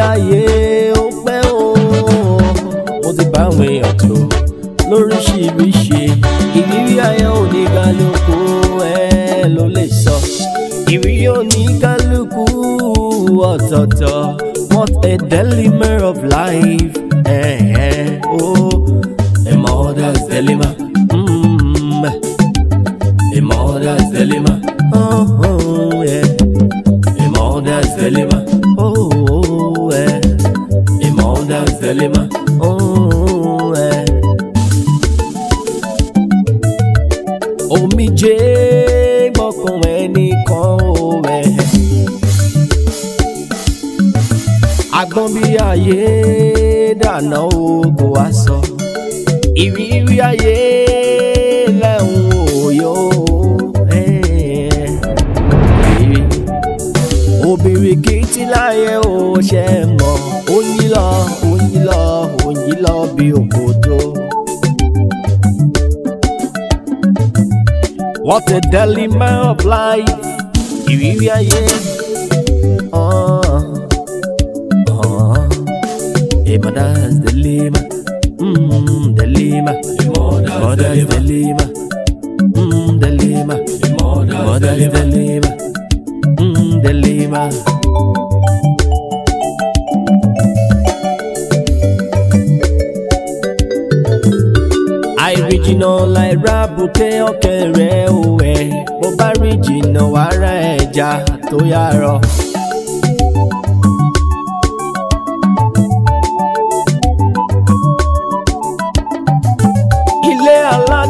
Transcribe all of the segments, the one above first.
ayé ó pẹ́ o mo ti bá àwọn èèyàn tó lóríṣiríṣi ìrírí ayé oníkálukú ẹ ló lè sọ ìrírí oníkálukú ọ̀tọ̀ọ̀tọ̀ what a daily mirror of life.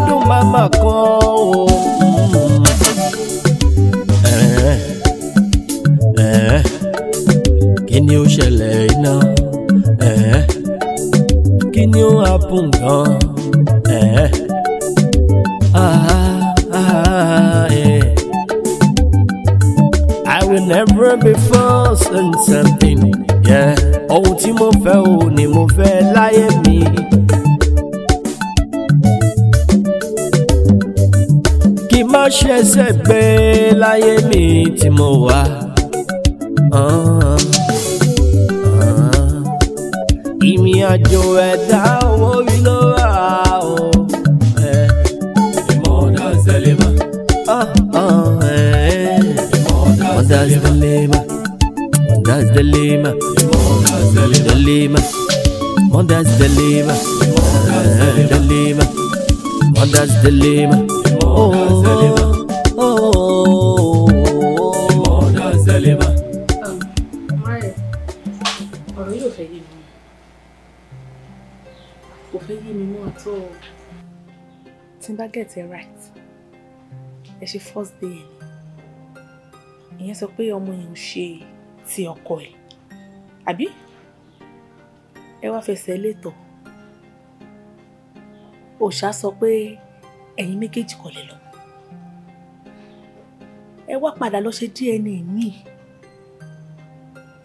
dùn màmá kan o. kí ni ó ṣẹlẹ̀ iná kí ni ó hapun gan. Ah, ah, eh. I will never be false and ṣe right ẹ ṣe first day ẹ̀ ni ìyẹn sọ pé ọmọ yẹn ò ṣe ti ọkọ ẹ̀ àbí ẹ wá fẹsẹ̀ létọ̀ òòṣà sọ pé ẹ̀yin méjèèjì kọ̀ lẹ̀ lọ ẹ wá padà lọ ṣe DNA míì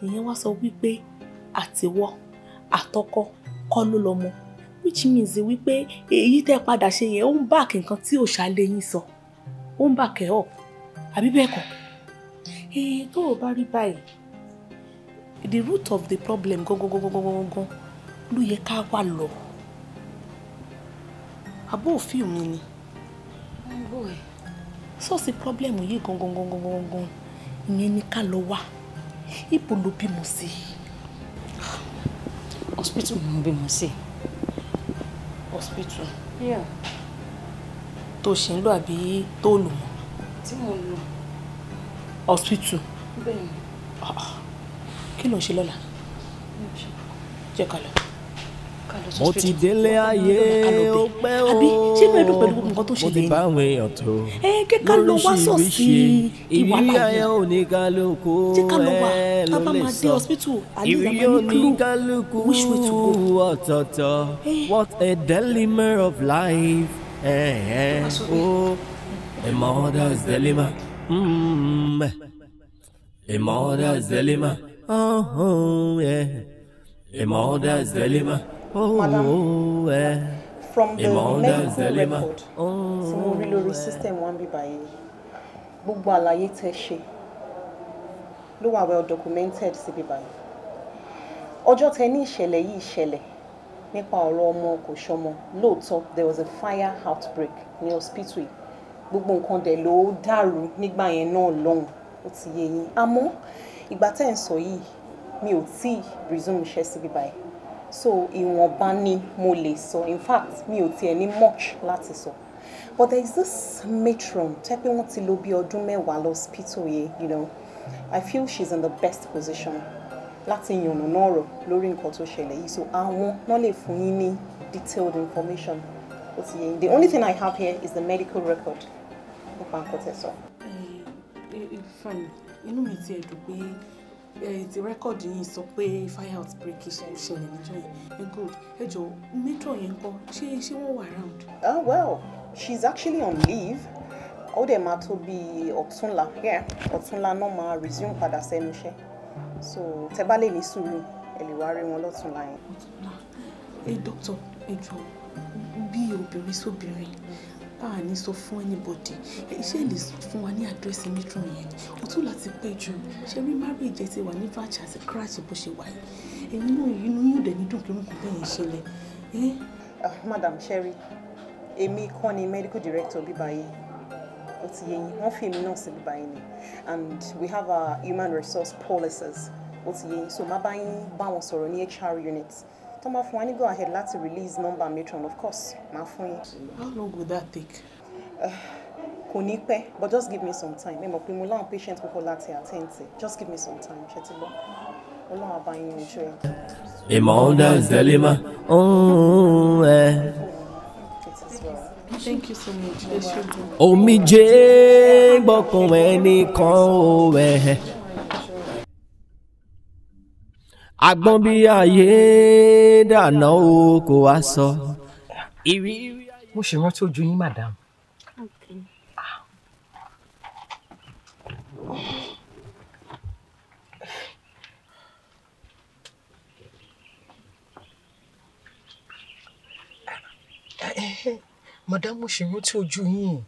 ìyẹn wá sọ wípé àtiwọ́ àtọkọ kọ́ ló lọ́mọ which means wípé èyí tẹ́ padà ṣe yẹn ó ń back nǹkan tí òòṣà lè yín sọ ó ń back ẹ̀ up àbí bẹ́ẹ̀ kọ́ tó o bá rí báyìí the root of the problem gangan ló yẹ ká wà lọ àbó òfin mi ni sọ́ọ̀sì problem yìí gangan gangan ìyẹn ni ká lọ wá ibo ló bímọ sí. hospital ló ń bímọ sí. Si hospital. Yeah. tó ṣe ń lò àbí tó lò mọ́. tí mo lò. hospital. bẹ́ẹ̀ ni. Ah, ah. kí ló ń ṣe lọ́la. jẹ́ ká lọ mo ti délé ayé ó pẹ́ o àbí ṣé pẹ̀lú pẹ̀lú nǹkan tó ṣẹlẹ̀ ni. mo ti bá àwọn èèyàn tó lóríṣiríṣi ìrírí ayé oníkálukú ẹ ló lè sọ ìrírí oníkálukú ọ̀tọ̀ọ̀tọ̀ what a dilemma of life ẹ̀ ẹ̀ o a mother's dilemma mm-hmm. a mother's dilemma uh-huh, a mother's dilemma oh, madam oh, eh. from the medical record oh, tí mo rí lórí eh. system one bí báyìí gbogbo àlàyé tẹ́ ṣe ló wà well documented sí bí báyìí ọjọ́ tẹ́ ní ìṣẹ̀lẹ̀ yìí ṣẹlẹ̀ nípa ọ̀rọ̀ ọmọ kò ṣọmọ lóòótọ́ there was a fire outbreak ní hospital yìí gbogbo nǹkan dẹ̀ ló dàrú nígbà yẹn náà lọ́hùn ó ti yé yín àmọ́ ìgbà tẹ́ ń sọ yìí mi ò tíì resume iṣẹ́ síbí báyìí so ìwọ̀nba ni mo lè sọ in fact mi ò tiẹ̀ ní much láti sọ but there is this matron tẹ́ pé wọ́n ti lò bí ọdún mẹ́wàá lọ hospital yẹn you know I feel she's in the best position láti yànnàná ọ̀rọ̀ lórí nǹkan tó ṣẹlẹ̀ yìí so àwọn náà lè fún yín ní detailed information ó ti yẹ the only thing I have here is the medical record nípa nǹkan tẹ́ sọ. ẹ eh, ẹ eh, eh, fine inú mi ti ẹ̀ dùn pé. Eh, ti rẹ́kọ̀dì yìí sọ pé fire outbreak ṣẹlẹ̀ níjọ́ yìí ẹ eh, good ẹ jọ metro yẹn kọ́ ṣé ṣé wọ́n wà around. ah well she's actually on leave ó dẹ̀ máa tó bí ọ̀túnla ọ̀túnla náà máa resume padà sẹ́nu iṣẹ́ so tẹ bá lè ní sùúrù ẹ lè wá rí wọn lọ́túnla yẹn. ọ̀túnla eh, ẹ dókítà ẹ jọ bí obìnrin sóbìnrin. So a ah, ní sọ fún anybody ṣé lè fún wa ní àdírẹ́sì matron yẹn ni ó tún láti pẹ́ jù ṣe rí marriage ẹ ti wà ní vatch àti crash bó ṣe wà yìí èyí náà inú yóò dẹ̀ ní dùn kí orúkọ bẹ́ẹ̀ yẹn ṣẹlẹ̀. Ah, madam sherry èmi kọ́ ni medical director bíbáyé ó ti yẹ yín wọ́n fi èmi náà sí bíbáyé ni and we have our human resource policies ó ti yẹ so má bá yín bá wọn sọ̀rọ̀ ní HR unit tó fún wa ní go ahead láti release number matron of course máa fún yín. how long would that take. kò ní pẹ́ but just give me some time ẹ mọ̀ pé mo láwọn patient púpọ̀ láti attend to just give me some time ṣe ti gbọ́ ọlọ́run àbá yín ojú ẹ. ìmọ̀ ọ̀dà ìzẹ́lẹ́mà ń ẹ. Thank you so much. Omijé gbọ́kàn ẹnìkan ó ẹ̀ agbọ́n bí ayé dànà o kò wá sọ. mo ṣe rántí ojú yín madam. madam mo ṣe rántí ojú yín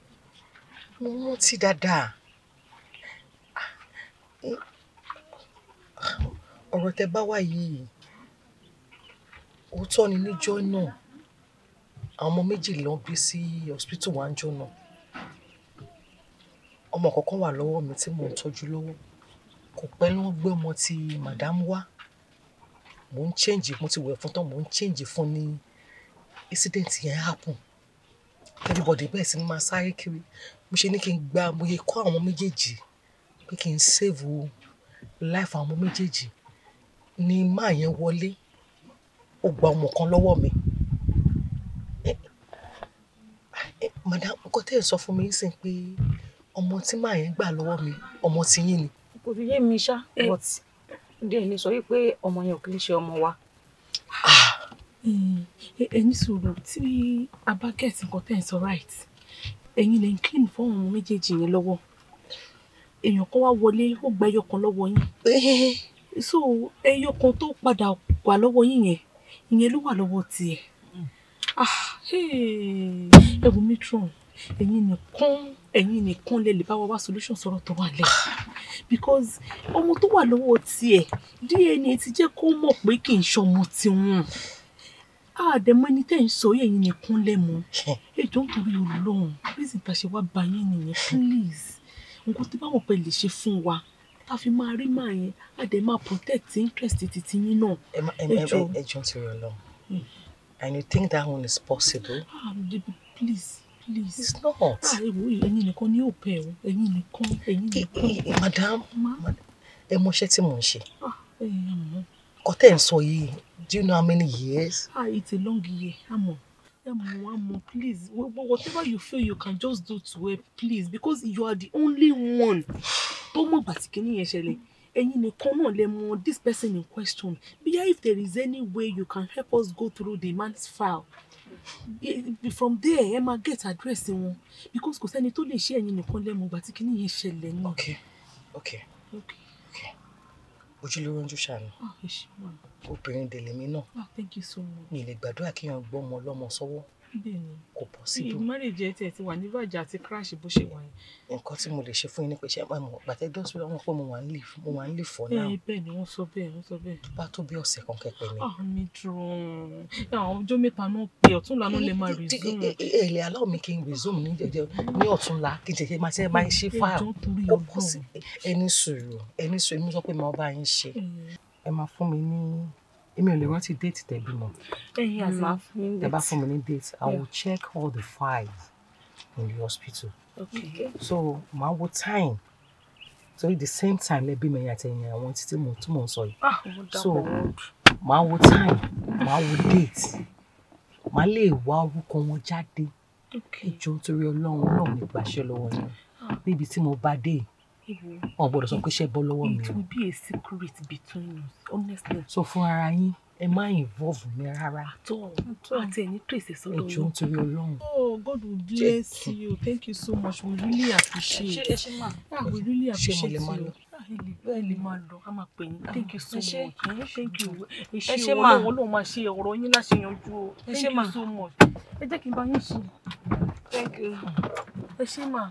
mo rántí dáadáa ọ̀rọ̀ tẹ bá wà yìí òótọ́ ni níjọ́ náà àwọn ọmọ méjì ló gbé sí hospital wa níjọ́ náà ọmọ kọ̀ọ̀kan wà lọ́wọ́ mi tí mò ń tọ́jú lọ́wọ́ kò pẹ́ ló ń gbé ọmọ ti madam wá mò ń change mo ti wẹ̀ fún tán mò ń change fún ní incident yẹn happen everybody bẹ́ẹ̀ sì máa sáré kiri mo ṣe ní kí n gba mo yẹ kọ́ àwọn méjèèjì pé kí n save life àwọn méjèèjì ni máa yẹn wọlé ó gba ọmọ kan lọ́wọ́ mi eh, eh, madam nǹkan tẹ́ ẹ̀ sọ fún mi ń sìn pé ọmọ tí màá yẹn gbà lọ́wọ́ mi ọmọ ti yín ni. kò fi yé mi ṣá eh. but díẹ̀ ni sọ wípé ọmọ yẹn ò kì í ṣe ọmọ wa. ẹ̀yin ah. sọ̀rọ̀ tí a bá nǹkan tẹ́ ẹ̀ sọ right ẹ̀yin lè ń clean fún ọmọ méjèèjì yẹn lọ́wọ́ èèyàn kan wá wọlé ó gbẹ́yọ̀ kan lọ́wọ́ yín so ẹyọ kan tó padà wà lọ́wọ́ yín yẹn ìyẹn ló wà lọ́wọ́ tiẹ̀ mm. ah, ẹ wò matron ẹ̀yin nìkan ẹ̀yin nìkan lè lè bá wa wá solution sọ̀rọ̀ tó wà lẹ̀ because ọmọ tó wà lọ́wọ́ tiẹ̀ DNA ti jẹ́ kó mọ̀ pé kì í ṣọmọ tiwọn àdẹ̀mọ́ ẹni tẹ́ ń sọ ẹ̀yin nìkan lẹ́mu ètò ń torí olóhùn bí ìsìntàṣe wá bá yín nìyẹn please nǹkan tí báwọn pẹ̀ lè ṣe fún wa tá a fi máa rí màá yẹn a dẹ̀ máa protect interest titi yín náà. ẹ má ẹ ẹ ẹ jọ ti rẹ lọ and you think that one is possible. ah baby please please. it's not. ah ewu ẹ̀yin nìkan ni yóò pẹ o ẹ̀yin nìkan ẹ̀yin nìkan. madam ẹ mọṣẹ́ tí mò ń ṣe. ah ẹ ẹ mọ. kọ́tẹ́ ń sọ yìí do you know how many years. ah it's a long year àmọ́. Mama, Mama, please, whatever you feel you can just do to help, please, because you are the only one. Tó mọ̀ gbà tí kinní yẹn ṣẹlẹ̀. Ẹ̀yin nìkan náà lè mọ this person in question. Bia if there is any way you can help us go through the man's file. Eh, from there, ẹ máa get address wọn. Because kò sẹ́ni tó lè ṣe ẹ̀yin nìkan lè mọ gbà tí yẹn ṣẹlẹ̀ náà. Okay, okay, okay. Ojúlówó ń jó ṣàánú. Ah, ẹ ṣe wà obìnrin dèlè mi náà. ah thank you so much. mi lè gbàdúrà kí yàn gbọ́ ọmọ ọlọ́mọ sọ́wọ́. bẹ́ẹ̀ni kò pọ̀ sí i. márèjì ẹ tiẹ̀ ti wà ní bàjẹ́ àti crash bó ṣe wà yẹn. nǹkan tí mo lè ṣe fún yín ni pé ṣé mo bàtẹ́ dọ́sí wọn pé mo wà ń lè mo wà ń lè fọ́ náà. Eh, bẹ́ẹ̀ ni wọ́n sọ bẹ́ẹ̀ wọ́n sọ bẹ́ẹ̀. tó bá tó bí ọ̀sẹ̀ kan kẹ́pẹ́ ah, mi. àmì dùn àwọn ọjọ́ mẹ́ta náà pé ọ̀túnla náà lè máa resume. èlé aláwọ̀ mi kì í resume ní jẹjẹ ní ọ̀túnla kì í jẹjẹ máa ṣe máa ṣe fáà ó ṣe ẹ máa fún mi ní èmi ò lè rántí déètì tẹ́ bímọ tẹ́ bá fún mi ní déètì i will check all the files in the hospital okay. so màá wo time torí the same time lẹ́bí mi àti ẹ̀yìn àwọn títí mo tún mò ń sọ yìí ah, so màá wo time màá wo date màá lè wá orúkọ wọn jáde ìjọ nítorí ọlọ́run náà nípasẹ̀ lọ́wọ́ yẹn ah. níbi tí mo bá dé wọn gbọ́dọ̀ sọ pé ṣe bọ́ lọ́wọ́ mi. it will be a secret between us honestly. so fún ara yín ẹ má involve mi rárá. àtọ àti ẹni pèsè sọ́dọ̀ Ọlọ́run. ẹjọ nítorí Ọlọ́run. oh God will bless you thank you so much we really appreciate. ṣe ṣe máa we really appreciate you bẹ́ẹ̀ ah, lè máa lọ ká máa pè yín ah, thank you so much thank you ẹ ṣe olówó ló máa ṣe ọ̀rọ̀ yín láṣẹ yanjú o thank you so much ẹ jẹ́ kí n bá yín ṣe thank you ẹ ṣe máa.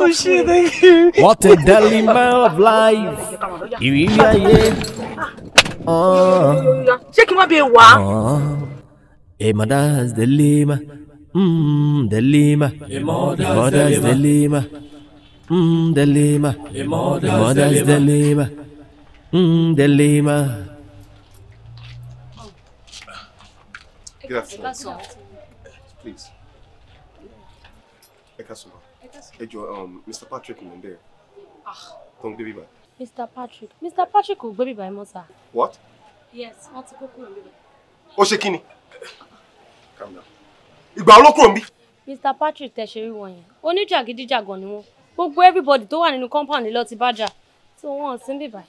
oh shit, thank you. What a dilemma of life. Ìrírí ayé. Uh-huh. Ṣé kí wọ́n bí wá? Uh-huh. A mother's dilemma. Mm, dilemma. A mother's dilemma. Mm, dilemma. A mother's dilemma. Mm, dilemma. Good afternoon. Please. ẹ káàsán Ejo, um, Mr Patrick ló ń Ah, don't ń gbé bíbá. Mr Patrick Mr Patrick ò gbé bíbá ẹ mọ́ sá. What? Yes wọ́n ti kó kúrò níbẹ̀. ó ṣe kí ni ìgbà olókùrò mi. Mr Patrick tẹ ṣe rí wọn yẹn oníjàgídíjàgan ni wọn gbogbo everybody tó wà nínú compound lọ ti bájà tí wọn sì ń bìbà.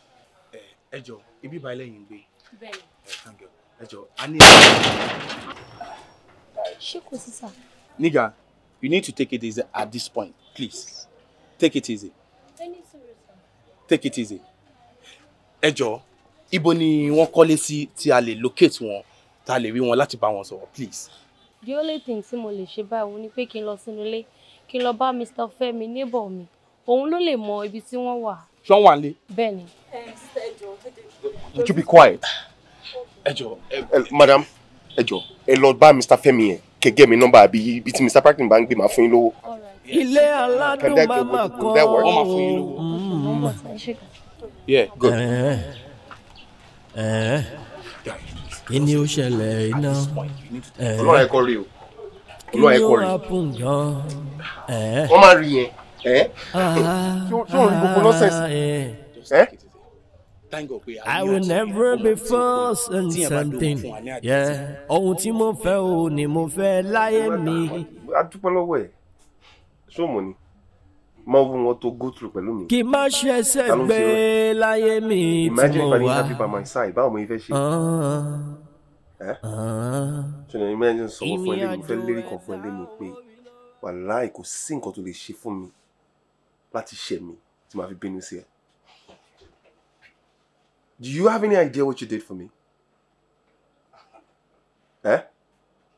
ẹ jọ ibi ìbá ẹlẹ́yìn ń gbé. bẹ́ẹ̀ni. ẹ jọ a ní. ṣé kò Niga. You need to take it easy at this point, please. Take it easy. Take it easy. Ẹ jọ̀ọ́, ibo ni wọ́n kọ́lé sí tí a lè locate wọn ta lè rí wọn láti bá wọn sọ̀rọ̀ please. The only thing tí mo lè ṣe báyìí ni pé kí n lọ sínú ilé kí n lọ bá Mr. Femi, neighbor mi òun ló lè mọ ibi tí wọ́n wà. Ṣọ́n wà nílé. Bẹ́ẹ̀ni. Eh, Would you be quiet? Ẹ eh, Madam, ẹ jọ̀ọ́, ẹ lọ bá Mr. Femi. yẹn kẹ̀kẹ́ mi nọ́mbà àbí ibi tí Mr. Franklin bá ń gbé máa fún yín lówó. ilé aládùn mama kan ó máa fún yín lówó. yeah good. ó ṣẹlẹ̀ iná. olóòrè ẹ̀kọ́ rí o olóòrè ẹ̀kọ́ rí. wọ́n máa rí yẹn. Ah, ṣé o rí gbogbo nọ́sẹ̀sì. I will never be forced in something. Ohun tí mo fẹ́ o ni mo fẹ́ láyé mi. A dúpẹ́ lọ́wọ́ ẹ̀, ṣóòmù ni, máa wú wọn tó go through pẹ̀lú mi. Kì má ṣe ẹsẹ̀ gbé láyé mi tí mo wá. Imagine if I didn't have you by my side, báwo mo fẹ́ ṣe? Ah. Ah. Ṣé ni imagine sọ fún ẹ lẹ́nu, mo fẹ́ lérí kan fún ẹ lẹ́nu pé wàláì kò sí nǹkan tó lè ṣe fún mi láti ṣẹ̀ mi tí màá fi bínú sí ẹ. Do you have any idea what you did for me? Eh?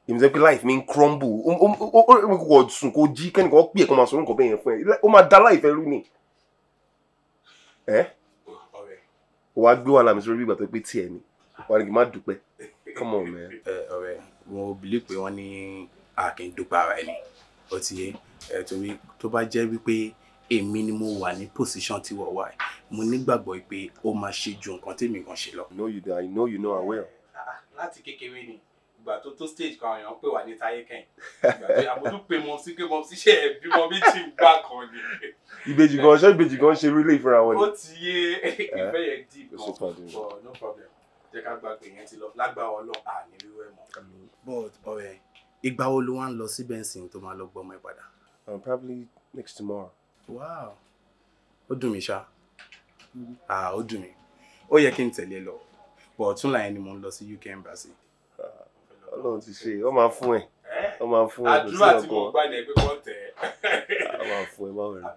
ìmùsẹ̀ pé life mi ń crumble ó um, ó um, um, kò sùn kò jí kẹ́nìkan pè kó máa sọ nǹkan bẹ́ẹ̀ yẹn fún ẹ ó máa da life ẹ rú ni. Ẹ eh? ó wá gbé wàhálà mi sórí bí ìgbà tó pé tiẹ̀ ni wà ní kí n má dúpẹ́ come on man. Eh, ọ̀rẹ́ wọn ò bìlí pé wọ́n ní a kì í dúpẹ́ ara ẹni ó ti yẹ eh, torí tó bá jẹ́ wípé èmi ni mo wà ní position tí wọ́n wà yìí mo nígbàgbọ́ pé ó máa ṣe ju nǹkan tèmi kan ṣe lọ. I know you I know you know I will. Ah, láti kékeré ni ìgbà tó tó stage kan àwọn èèyàn pè wá ní táyé kẹ́yìn àbójú pé mo sí pé mo sí ṣe bímọ méjì gbà kan ni. ìbejì kan ṣé ìbejì kan ṣe rí lè fúnra wọn ni. ó ti yé ìfẹ́ yẹn dì gan but no problem jẹ́ ká gbàgbé yẹn ti lọ lágbàá ọlọ́run àní wíwẹ́ mọ́. but ọ̀rẹ́ eh, ìgbà wo ló wá ń lọ síbẹ̀ ń sìn tó máa lọ gbọ́ ọmọ ìpadà. Um, probably next tomorrow wow ó dùn mí ṣá mm-hmm. ah ó dùn mí ó yẹ kí n tẹ̀lé lọ bọ̀ ọ̀tún láyé ni mo ń lọ sí UK embassy. Ah, ọlọ́run ti ṣe ó máa fún ẹ ó máa fún ẹ kò sí ọkọ àdúrà tí mo gbà ní ẹgbẹ́ kan tẹ̀ ẹ́. ó máa fún ẹ máa wẹ̀rẹ̀.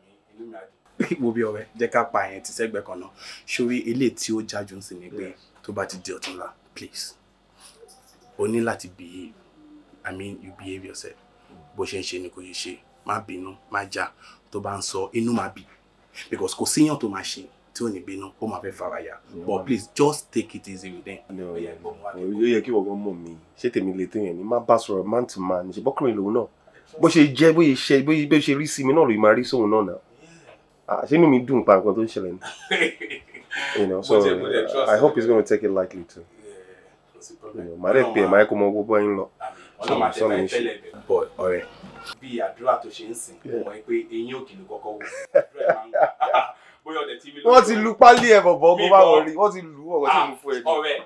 wo bí ọ̀rẹ́ jẹ́ ká pa àyẹn ti sẹ́gbẹ̀ẹ́ kan náà sórí eléyìí tí ó jájú sí ni pé tó bá ti di ọ̀túnla please o ní láti behave i mean you behave yourself bó ṣe ń ṣe ni kò yẹ ṣe má bínú má jà tó bá ń sọ inú má bì because kò síyàn tó máa ṣe tí ò ní bínú ó máa fẹ́ fara ya but please just take it easy with them. ó oh, yẹ kí wọ́n mọ̀ mí ṣé tèmi lè téèyàn ní má bá sọ̀rọ̀ man to man ṣe bọ́kùnrin lòun náà bó ṣe jẹ́ bó ṣe ṣe bó ṣe rí sí mi náà ló máa rí sóun náà náà ah, ṣé inú mi dùn pa nǹkan tó ń ṣẹlẹ̀ ni so I hope he's gonna take it lightly too màá rẹ̀ pè é màá kó mọ gbogbo ẹ̀ ń lọ sọ́mi ń ṣe. ọ̀rẹ́ bí àdúrà tó ṣe ń sìn mo mọ̀ pé eyín òkè ló wò bóyá ọ̀dẹ̀ tí mi lọ. wọ́n ti lu pálí ẹ̀ bọ̀bọ̀ kó bá wọ̀ rí wọ́n ti lu ọ̀rọ̀ tí mo fún ẹ. ọ̀rẹ́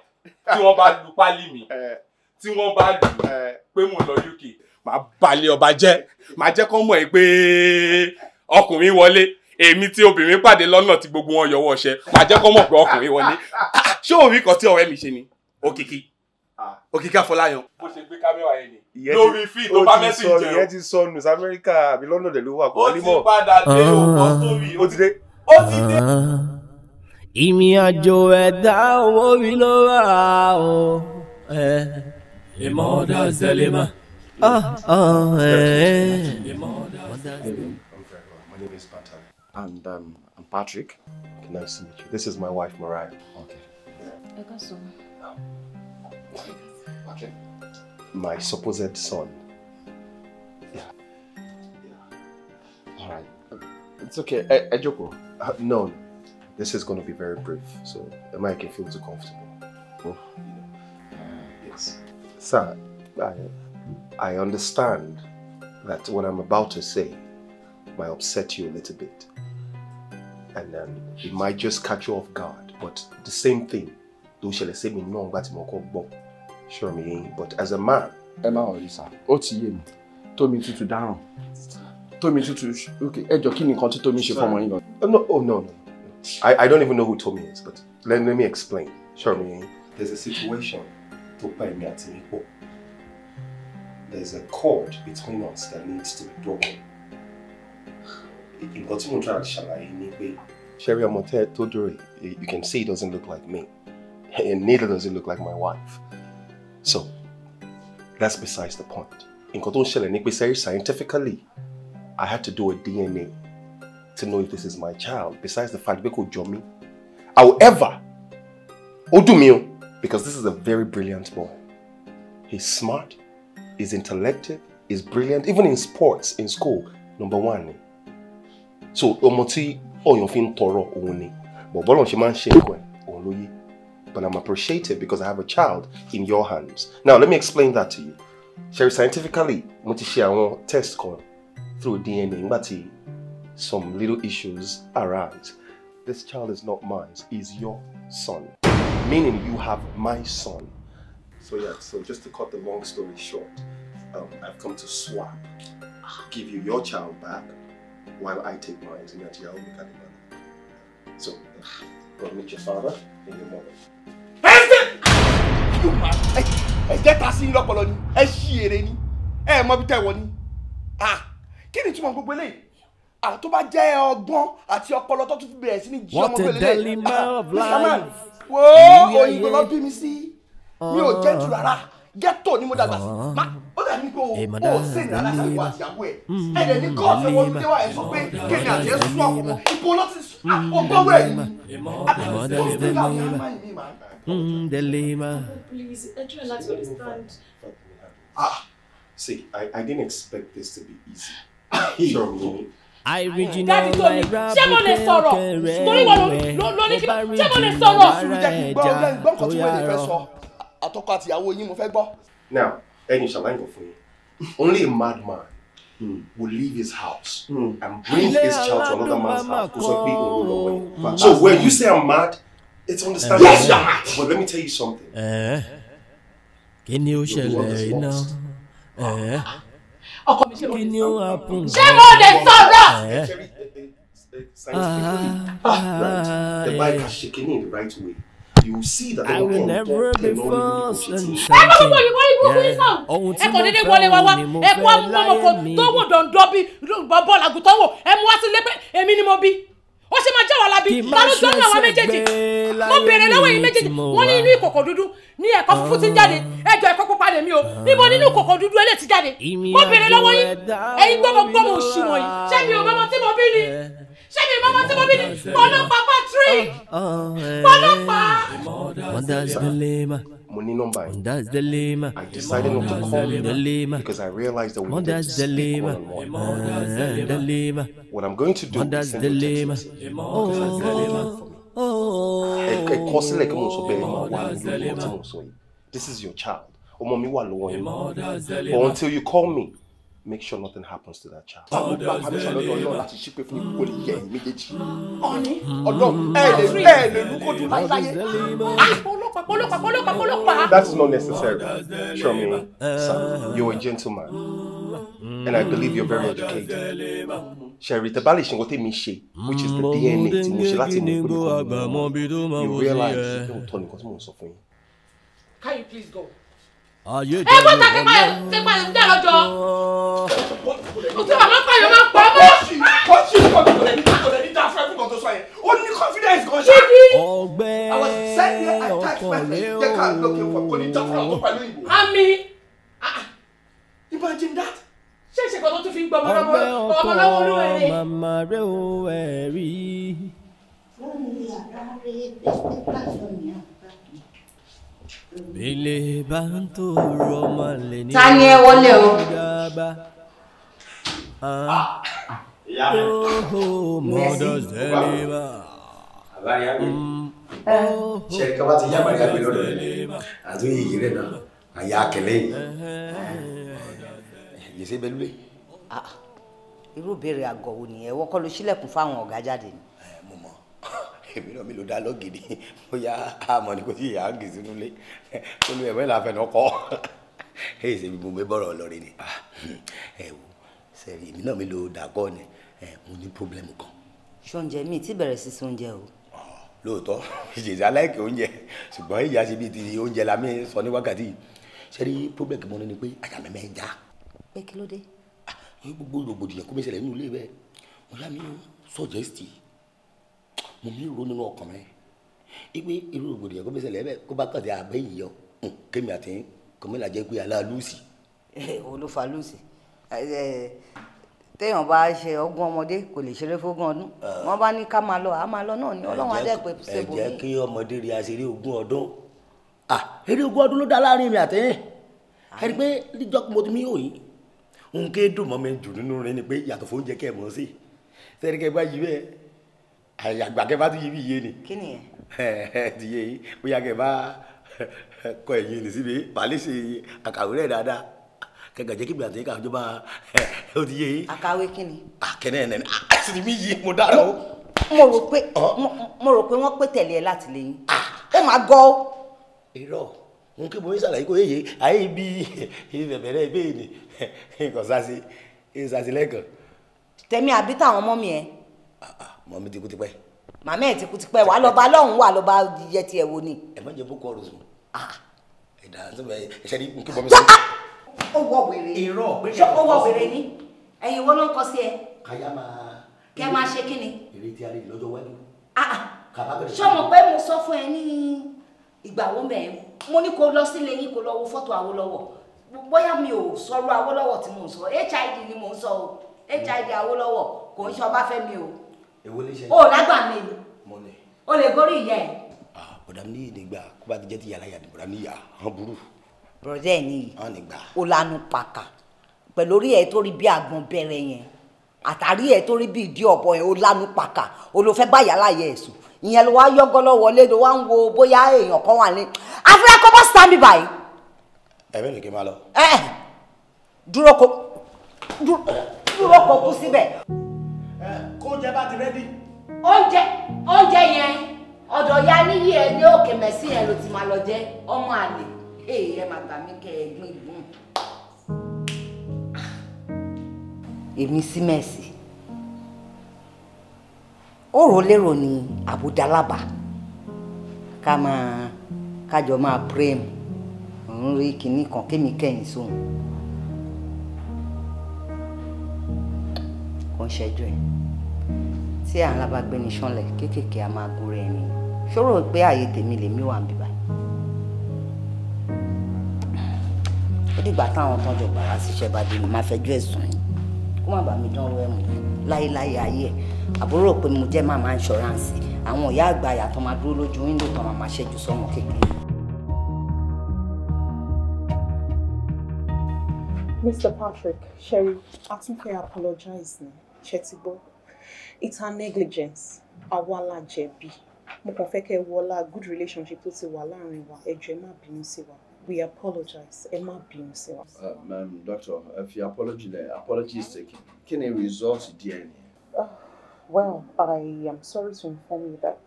tí wọ́n bá lu pálí mi eh. tí wọ́n bá lù eh. pé mo lọ UK màá balẹ̀ ọba jẹ́ màá jẹ́ kó mọ̀ ẹ́ pé ọkùnrin wọlé èmi tí obìnrin pàdé lọ́nà tí gbogbo wọn yọwọ́ ṣe màá jẹ́ kó mọ̀ pé ọkùnrin wọlé ah, ṣé òun kan tí ọ̀rẹ́ mi ṣe ni òkìkí. Òkìkí Afọláyan. bó ṣe gbé kámẹ́wà yẹn ni lórí fi tó bá mẹ́sì ìyẹn ti sọnù sí amẹ́ríkà àbí london dẹ̀ ló wà kó ní mọ̀. ó ti padà dé òkò ah. sórí ó ti dé. ó ah. àjò ẹ̀dá owó mi ló wà o. ìmọ̀ ọ̀dà zẹlẹ̀ mà. My ah, name is Patan. And um, I'm Patrick. Okay, nice to meet you. This is my wife, Mariah. Okay. I got some. My supposed son. Yeah. yeah. All right. It's okay. I joke. Uh, no, this is going to be very brief, so am making can feel too comfortable. Oh. yes. Sir, I, I understand that what I'm about to say might upset you a little bit. And then it might just catch you off guard. But the same thing, do shall I say me no, but sure me, but as a man. Emma má wọ̀rí sá, ó ti yé mi, tómi tútù dáràn, tómi tútù okay, ẹ jọ kí ni nǹkan tí tómi ṣe No, oh no, no, I, I don't even know who Tommy is, but let, let me explain. Sure me, there's a situation tó pay me at mi There's a cord between us that needs to be broken. Nǹkan tí mo try àti ṣàlàyé ni pé. Sherry Amote Todore, you can see he doesn't look like me. And neither does he look like my wife. So, that's besides the point. In tó ń ṣẹlẹ̀ ni scientifically, I had to do a DNA to know if this is my child, besides the fact pé kò jọ However, ó dùn because this is a very brilliant boy. He's smart, he's intellective, he's brilliant, even in sports, in school, number one So, ọmọ tí tọrọ òun ni. But bọ́lọ̀ ṣe máa ń but I'm appreciative because I have a child in your hands. Now, let me explain that to you. Sherry, scientifically, mo ti test kan through DNA but some little issues arise. This child is not mine, he's your son. Meaning you have my son. So yeah, so just to cut the long story short, um, I've come to swap. Give you your child back while I take mine. So, God meet your father. ẹ ṣe yóò máa ẹ jẹ́ ta sí lọ́pọlọ ni ẹ ṣí èrè ni ẹ mọ bí tẹ̀ wọ ni kí ni túmọ̀ gbogbo eléyìí àwọn tó bá jẹ́ ọgbọ́n àti ọpọlọ tó tún bẹ̀rẹ̀ sí ní jí ọmọ pẹ̀lú lẹ́yìn wo òyìnbó lọ bí mi sí mi ò jẹ́ jù rárá ghetto ni mo dàgbà sí ní pé o sèǹdì aláṣàwọ̀ àtìyàwó ẹ̀ ẹ̀dẹ̀ ní kọ́ọ̀sì wọn ló wà ẹ̀ sọ pé kéde àti ẹ̀ sún ọkọ̀ ipò lọ́tí ọgbọ́n rẹ̀ yìí Please, I eh, try not to understand. Ah, see, I, I didn't expect this to be easy. Sure, me. I original Daddy told me, ṣé mo lè sọ̀rọ̀? Torí wọn ló ní kí ṣé mo lè sọ̀rọ̀? Ṣùgbọ́n jẹ́ kí n gbọ́ ọ̀gá ìgbọ́n kan tí mo lè fẹ́ sọ. Àtọ́kọ àtìyàwó yín mo fẹ́ gbọ́. Now, Only a madman mm. will leave his house mm. and bring his child to another man's house because of hmm. So when you say I'm mad, it's understandable. Yes, you're mad. But let me tell you something. Eh? The bike is shaking in the right way. you see that I will never be forced and something. Ẹ kọ́ ìwọ ìwọ ìwọ ìsàn. Ẹ kọ́ dédé wọlé wá wá. Ẹ kọ́ àwọn ọmọ kan tó wò dọ̀ndọ̀ bí bọ́ọ̀lù àgùntàn wò. Ẹ mú wá sí ilé pé èmi ni mo bí. Ó ṣe máa jẹ́ wàhálà bí. Lálọ́ tó ń àwọn méjèèjì. Mo bèrè lọ́wọ́ yìí méjèèjì. Wọ́n ní inú ìkòkò dúdú ní ẹ̀kọ́ funfun ti ń jáde. Ah. Ẹ jọ ẹ̀kọ́ pupa lèmi o. Níbo nínú ìkòkò dúdú ẹlẹ́ ti jáde? Mo bèrè lọ́wọ́ yìí. Ẹ̀yin gbọ́mọgbọ́mọ òṣùwọ̀n yìí. Ṣé mi ò mọ́mọ́ tí mo bí ni? Eh ṣé mi tí mo bí ni pọ́lọ́pàá Patrick pọ́lọ́pàá. Wonders dilemma. Money number. Wonders dilemma. I decided not to call him dilemma. because I realized that we Wonders dilemma. dilemma. What I'm going to do is send a text message. Oh, oh, oh. Ẹ kọ sílẹ̀ kí mo sọ bẹ́ẹ̀ ni wà ní ìlú ọtí mo sọ yìí. This is your child. Ọmọ mi wà lọ́wọ́ yìí. But until you call me make sure nothing happens to that child. Àwọn oh, gba permission lọ́dọ̀ Ọlọ́run láti ṣípè fún ikú olè yẹ ẹ̀yìn méjèèjì. Ọ̀ní Ọlọ́run ẹ lè láyé. Ah, ọlọ́pàá ọlọ́pàá ọlọ́pàá That is not necessary. me, sir, you're a gentleman and I believe you're very educated. Sherry, the balance in what they ṣe, which is the DNA tí mo ṣe láti You realize ṣé òótọ́ nìkan tí mò ń sọ Can you please go? ayé ìdẹ́rù ọlọ́run. ẹ gbọ́dọ̀ kípa ẹ̀ kípa ẹ̀ ń dẹ́ lọ́jọ́. o ti wà lọ́pàá yẹn máa ń pa ọmọ. ó sì kọ́ tó lẹ́ni tó lẹ́ni dá fún kan tó sọ yẹn ó ní confidence kan ṣá. ọgbẹ́ ọkọ̀lẹ́ o. jẹ́ ká lókè fún ọkọ̀ ní dáfọ́ ọkọ̀ pẹ̀lú ìbò. àmì ah, ah. imagine that ṣé ìṣèkọ tó tún fi ń gbọ́ ọmọlọ́wọ́ ọmọlọ́wọ́ olú ẹ̀rí. màmá rẹ ta ni ẹ wọlé o. ṣe kaba ti yá bàrí àgbẹ̀ lọ́dọ̀ rẹ̀ àti yìí rẹ̀ náà àyà kẹlẹ́ yìí gbèsè bẹ́ẹ̀ lulẹ̀. irú ìbéèrè àgọ̀ wo nìyẹn wọ́n kọ́ ló ṣílẹ̀kùn fáwọn ọ̀gá jáde ni èmi náà mi ló dá lọ́gìdì bóyá àmọ́ ni kò sí ìyá àgì sínú ilé tó lu ẹ̀wẹ́ làfẹ́ náà kọ́ ẹ̀ ṣe mi mo gbé bọ̀rọ̀ lọ́rẹ́ ni ah, ẹ wo sẹ́rí èmi náà mi ló dà gọ́ ni mo ní pọ́blẹ́mù kan. ṣoúnjẹ mi ti bẹ̀rẹ̀ sí sóúnjẹ o. Ah, lóòótọ́ ìṣèṣe aláìkè oúnjẹ ṣùgbọ́n ìyá ṣe bíi ti oúnjẹ la mi sọ ní wákàtí sẹ́rí pọ́blẹ́mù mo ní mo bí ro nínú ọkàn mi ipe irú rògbòdìyàn kó bẹsẹ̀ lẹ́bẹ̀ kó bá kàdé abẹ́ yìí yọ kémi àti kọ́mílà jẹ́ pé aláàlúùsì. olùfà eh, lùsì eh, téèyàn bá ṣe ọgbọ́n ọmọdé kò lè ṣeré fógún ọdún ah. wọ́n bá ní ká máa lọ àá máa lọ náà ni ọlọ́run adé pé ṣe bò mí. ẹ jẹ́ kí ọmọdé rí aṣeré ogún ọdún à ah, eré ogún ọdún ló dá láàrin mi àtẹ́yìn ah. ẹni pé níjọ́ mo ti mí òyìn nǹkan dùn mọ́ mi jù nínú rẹ ni pé yàtọ̀ fóúnjẹ kẹ́ ẹ̀ mọ́ sí sẹ́ni kẹ́ bá yí bẹ́ẹ̀ àgbà kẹ bá yí bí ni. kí ni ẹ. ti yé yín kọ ẹ̀yìn ní síbi pàálí ṣe àkàwé dáadáa kẹgàjẹ kí gbàdé kà jọba ó ti yé àkàwé kí ni. nẹ́ni àṣírí mi yí mo o. mo rò pé mo rò pé wọ́n pè tẹ̀lé ẹ láti lè yín ó máa gọ́ irọ́ kí mo ń ṣàlàyé kó yéye ayé ìbéèrè tẹ̀mí àbí táwọn ọmọ mi mọ̀mí ti kú tipẹ́. màmá ẹ̀ ti kú tipẹ́ wàá lọ́ba lọ́hùn-ún wà lọ́ba yẹ tiẹ̀ wo ni. ẹ má jẹ boko ọrọ sùn. ẹ̀dá ẹ̀ṣẹ̀ ni nkí bọ́mí sọ. ó wọ wèrè ni ó wọ wèrè ni ẹ̀yin wo ló ń kọ sí ẹ. káyà máa. kí ẹ máa ṣe kí ni. èrè tí a lè lọ́jọ́ wájú. Ah, ah. sọmọ pé mo sọ fún ẹ ní ìgbà wo mẹ́ẹ̀ mo ní kó lọ sílé yín kó lọ wo fọ́tò Awólọ́wọ̀ bóyá mi ò sọ̀rọ̀ Awólọ́wọ̀ tí mo ń sọ hiv ni mo ń sọ o hiv Awólọ́wọ̀ kò ń ṣe Ọbáfẹ́mi o èwo lè ṣe. o lágbà mi. mo lè. o lè gorí ìyá ẹ. bọ̀dà mi níyì nígbà kó bá ti jẹ́ ti yàrá yàrá bọ̀dà mi yà hàn burú. bọ̀dà ẹ̀ níyì. hàn nígbà. o lanu pàkà pẹ̀lú orí ẹ̀ tó rí bí àgbọn bẹ̀rẹ̀ yẹn àtàrí ẹ̀ tó rí bí ìdí ọ̀bọ ẹ̀ o lanu pàkà o ló fẹ́ bá yàrá yẹ ẹ̀ sùn ìyẹn ló wá yọ́gọ́lọ́ wọlé ló wá ń wo bóyá èèyàn kan wà ní. afẹ́rẹ́ kọ́ bá stand by. ẹ bẹ́ẹ̀ ni kí n máa lọ. ẹ dúró kó kóúnjẹ bá ti rẹ́dí. oúnjẹ oúnjẹ yẹn ọ̀dọ̀ ya níyì ẹ ní òkè mẹ́sìn yẹn ló ti máa lọ jẹ ọmọ àlè èyí ẹ máa gbà mí kẹ ẹ gbìn gbìn. Ah, èmi sí mẹ́sì òrò lérò ní àbúdálábà ká máa kájọ máa prem òun rí kinní kan kémi kẹ́yìn sóhun. kò ń ṣẹ́jú ẹ̀ tí à ń lábàgbé ní sánlẹ̀ kéékèèké a máa gúnra ẹni ṣòro pé ààyè tèmi lèmi wà ń bíbá ó dìgbà táwọn tó jọ gbàrà síṣẹ́ bá dé mi máa fẹjọ́ ẹ̀sùn yìí kó má bàa mi dán ọwọ́ ẹ̀mú láéláé ayé ẹ̀ àbúrò pé mo jẹ́ màmá insurance àwọn ìyá àgbà yàtọ̀ máa dúró lójú wíńdò tán máa máa ṣẹ́jú sọ́mọ kékeré. Mr. Patrick, Sherry, Atunke apologize ni, ṣe ti gbọ́ it's her negligence àwa la jẹ̀bi mo kàn fẹ́ kẹ́ wọlá good relationship tó ti wà láàrin wa ẹ jọ̀ọ́ ẹ má wa we apologize ẹ má bínú sí wa. Uh, ma'am doctor if your apology lẹ apology is taken can ni result díẹ̀ ni. Ah, well i am sorry to inform you that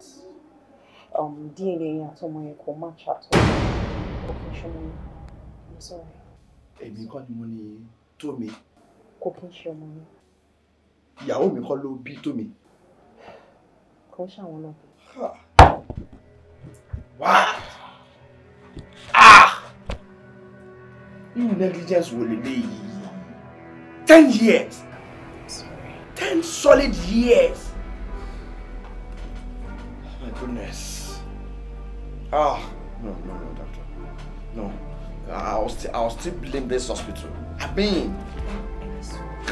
um, dna yẹn àtọmọ yẹn ko match at all okay ṣe i'm sorry. èmi kọ́ ni mo ní tó mi. kò kí n ìyàwó mi kọ́ ló bí tó mi. kò ṣàwọn náà. wá irú negligence wo leléyìí ten years ten solid years oh my goodness ah no no no doctor no i will still i will still blame this hospital i mean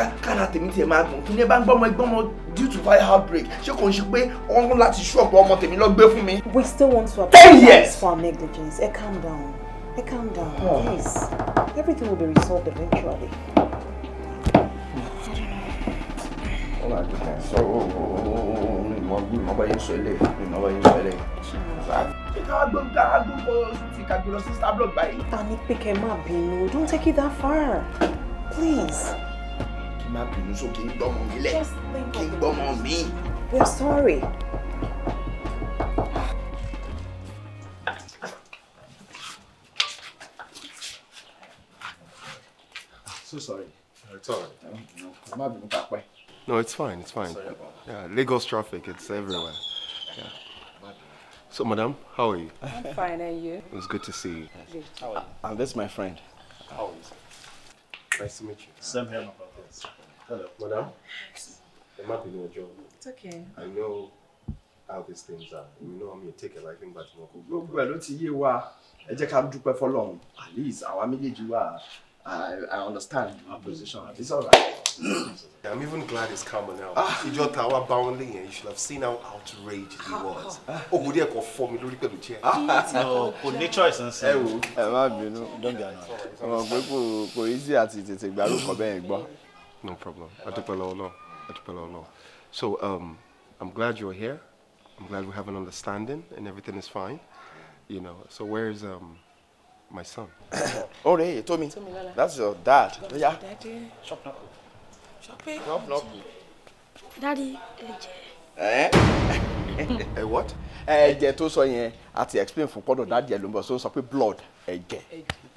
kára tèmi tiẹ̀ máa gùn kí ni ẹ bá ń gbọ́mọ ẹgbọ́n due to fire outbreak ṣé kò ń ṣe pé wọ́n ń láti ṣọ́ọ̀bù ọmọ tèmi lọ gbé fún mi. we still want to apologize yes. for our negligence ẹ calm down ẹ calm down please everything will be resolved eventually. ọ̀la gbẹ̀gbẹ̀ sọ ìmọ̀ bí ìmọ̀ bá yín sọ ilé ìmọ̀ bá yín sọ ilé. ṣé ká gbọ́ ká gbọ́ kó ti kàgbé lọ sí starblog báyìí. ta ni pé don't take it that far please. má bínú sókè ń gbọ́mọ mi lẹ̀ kí ń gbọ́mọ mi. I'm sorry. So sorry. It's all right. No, it's fine. It's fine. Yeah, Lagos traffic. It's everywhere. Yeah. So, madam, how are you? I'm fine, and you? It was good to see you. Good. How are you? And this is my friend. How are you? Nice to meet you. Same here, my brother. Hello, madam. It might be no job. It's okay. I know how these things are. You know I'm going to take a life in back to Moko. Gbogbo ẹ̀ ló you. yé wa. Ẹ jẹ́ ká for long. At least our méjèèjì wà. I, I understand your position. It's all right. I'm even glad it's calmer now. Ìjọ ah. tower bounding yẹn, you should have seen how outraged he ah, was. Ah, oh, Ogodi ẹ̀kọ́ fọ́ mi lórí pẹ̀lú chair. No, kò ní choice ń don't get annoyed. Ọmọ pé kò easy àti tètè gbárùkọ bẹ́ẹ̀ gbọ́. No problem. Adupelolo. Adupelolo. So um, I'm glad you're here. I'm glad we have an understanding and everything is fine. You know, so where's um, my son? oh, there. You told me. That's your dad. yeah. Daddy. Shop knock. Shopping. Knock knock. Daddy, eh? eh what? Ẹ̀jẹ̀ tó sọ yẹn, a ti explain fún pọ́dọ̀ Daddy ẹ̀ ló so sọ blood ẹ̀jẹ̀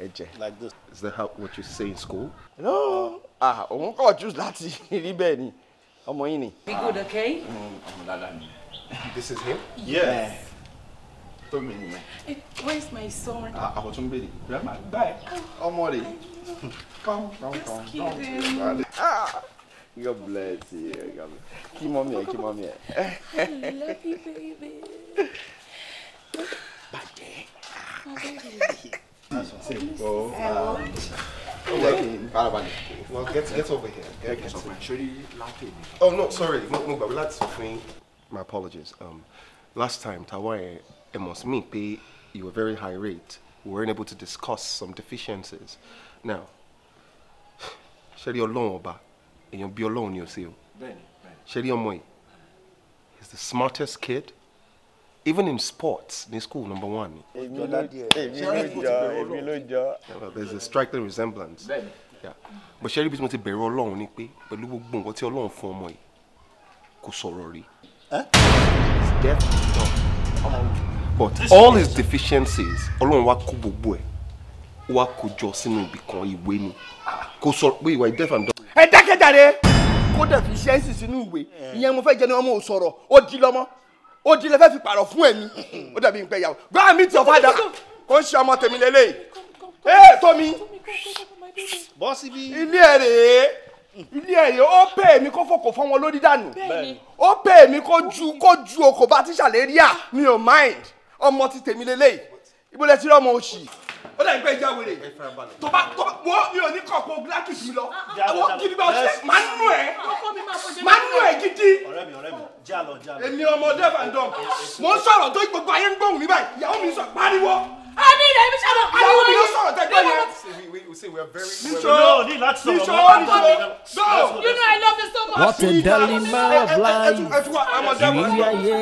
ẹ̀jẹ̀. like this. is that how what you say in school. no ah òun kò choose láti rí bẹ́ẹ̀ ni ọmọ yìí ni. be good okay. Mm, ọmọ dada mi. this is him. yes. yes. tómi nìyẹn. Eh, where is my son. Ah, àwọn tó ń bèrè rẹ máa gbá ẹ oh, ọmọ rẹ come come come come. Ah! God bless you. God bless. Kí mọ́mí ẹ̀ kí mọ́mí ẹ̀. I love you baby. Bàjẹ́. Ah. Go. okay, well, get get over here. Get, get over here. Oh no, sorry. No, no, but we like me. My apologies. Um, last time, Tawai Emos me pay you were very high rate. We weren't able to discuss some deficiencies. Now, ṣe rí ọba and bí Ọlọ́run ni ó ṣe o ṣe rí he's the smartest kid even in sports in school number one There's a striking resemblance. bó ṣe rí bí mo ti bẹ̀rẹ̀ ọlọ́run ni pé pẹ̀lú gbogbo nǹkan tí ọlọ́run fún ọmọ yìí kò sọ̀rọ̀ but all his deficiencies ọlọ́run wá kó gbogbo ẹ̀ wá kó jọ sínú ibìkan ìwé ni kò sọ pé ìwà ìdẹ́fà ń dán. ẹ dákẹ́ jàre kó deficiencies sínú ìwé ìyẹn mo fẹ́ jẹ́ ni ọmọ ò sọ̀rọ̀ ó di lọ́mọ odi lẹ fẹ́ fi pààrọ̀ fún ẹ̀mí ó dàbí nǹkan ìyàwó gbá mi tì ọ̀fadà kò ń ṣe ọmọ tèmi lélẹ̀ ee tómi bọ́sí bí. ilé ẹ̀ rèé ilé ẹ̀ rèé ó pè mí kó fòkò fọ́ wọn lórí dànù ó pè mí kó ju kó ju okò bá tíṣà lérí à mi ò mind ọmọ ti tèmi lélẹ̀ ibo lẹ ti rí ọmọ òṣì ó dà nípa ìjà wèrè tó bá tó bá ní kọ̀ọ̀kan gíláàkì mi lọ àwọn gidi bá ṣe máa nù ẹ́ máa nù ẹ́ gidi. ọ̀rẹ́ mi ọ̀rẹ́ mi já lọ já lọ. tó gbogbo ayé ń gbóhùn mi báyìí ìyàwó mi sọ pariwo. a ilẹ̀ ibi sábà pariwo yìí. níṣó níṣó níṣó. what a darling man of life. ìrírí ayé.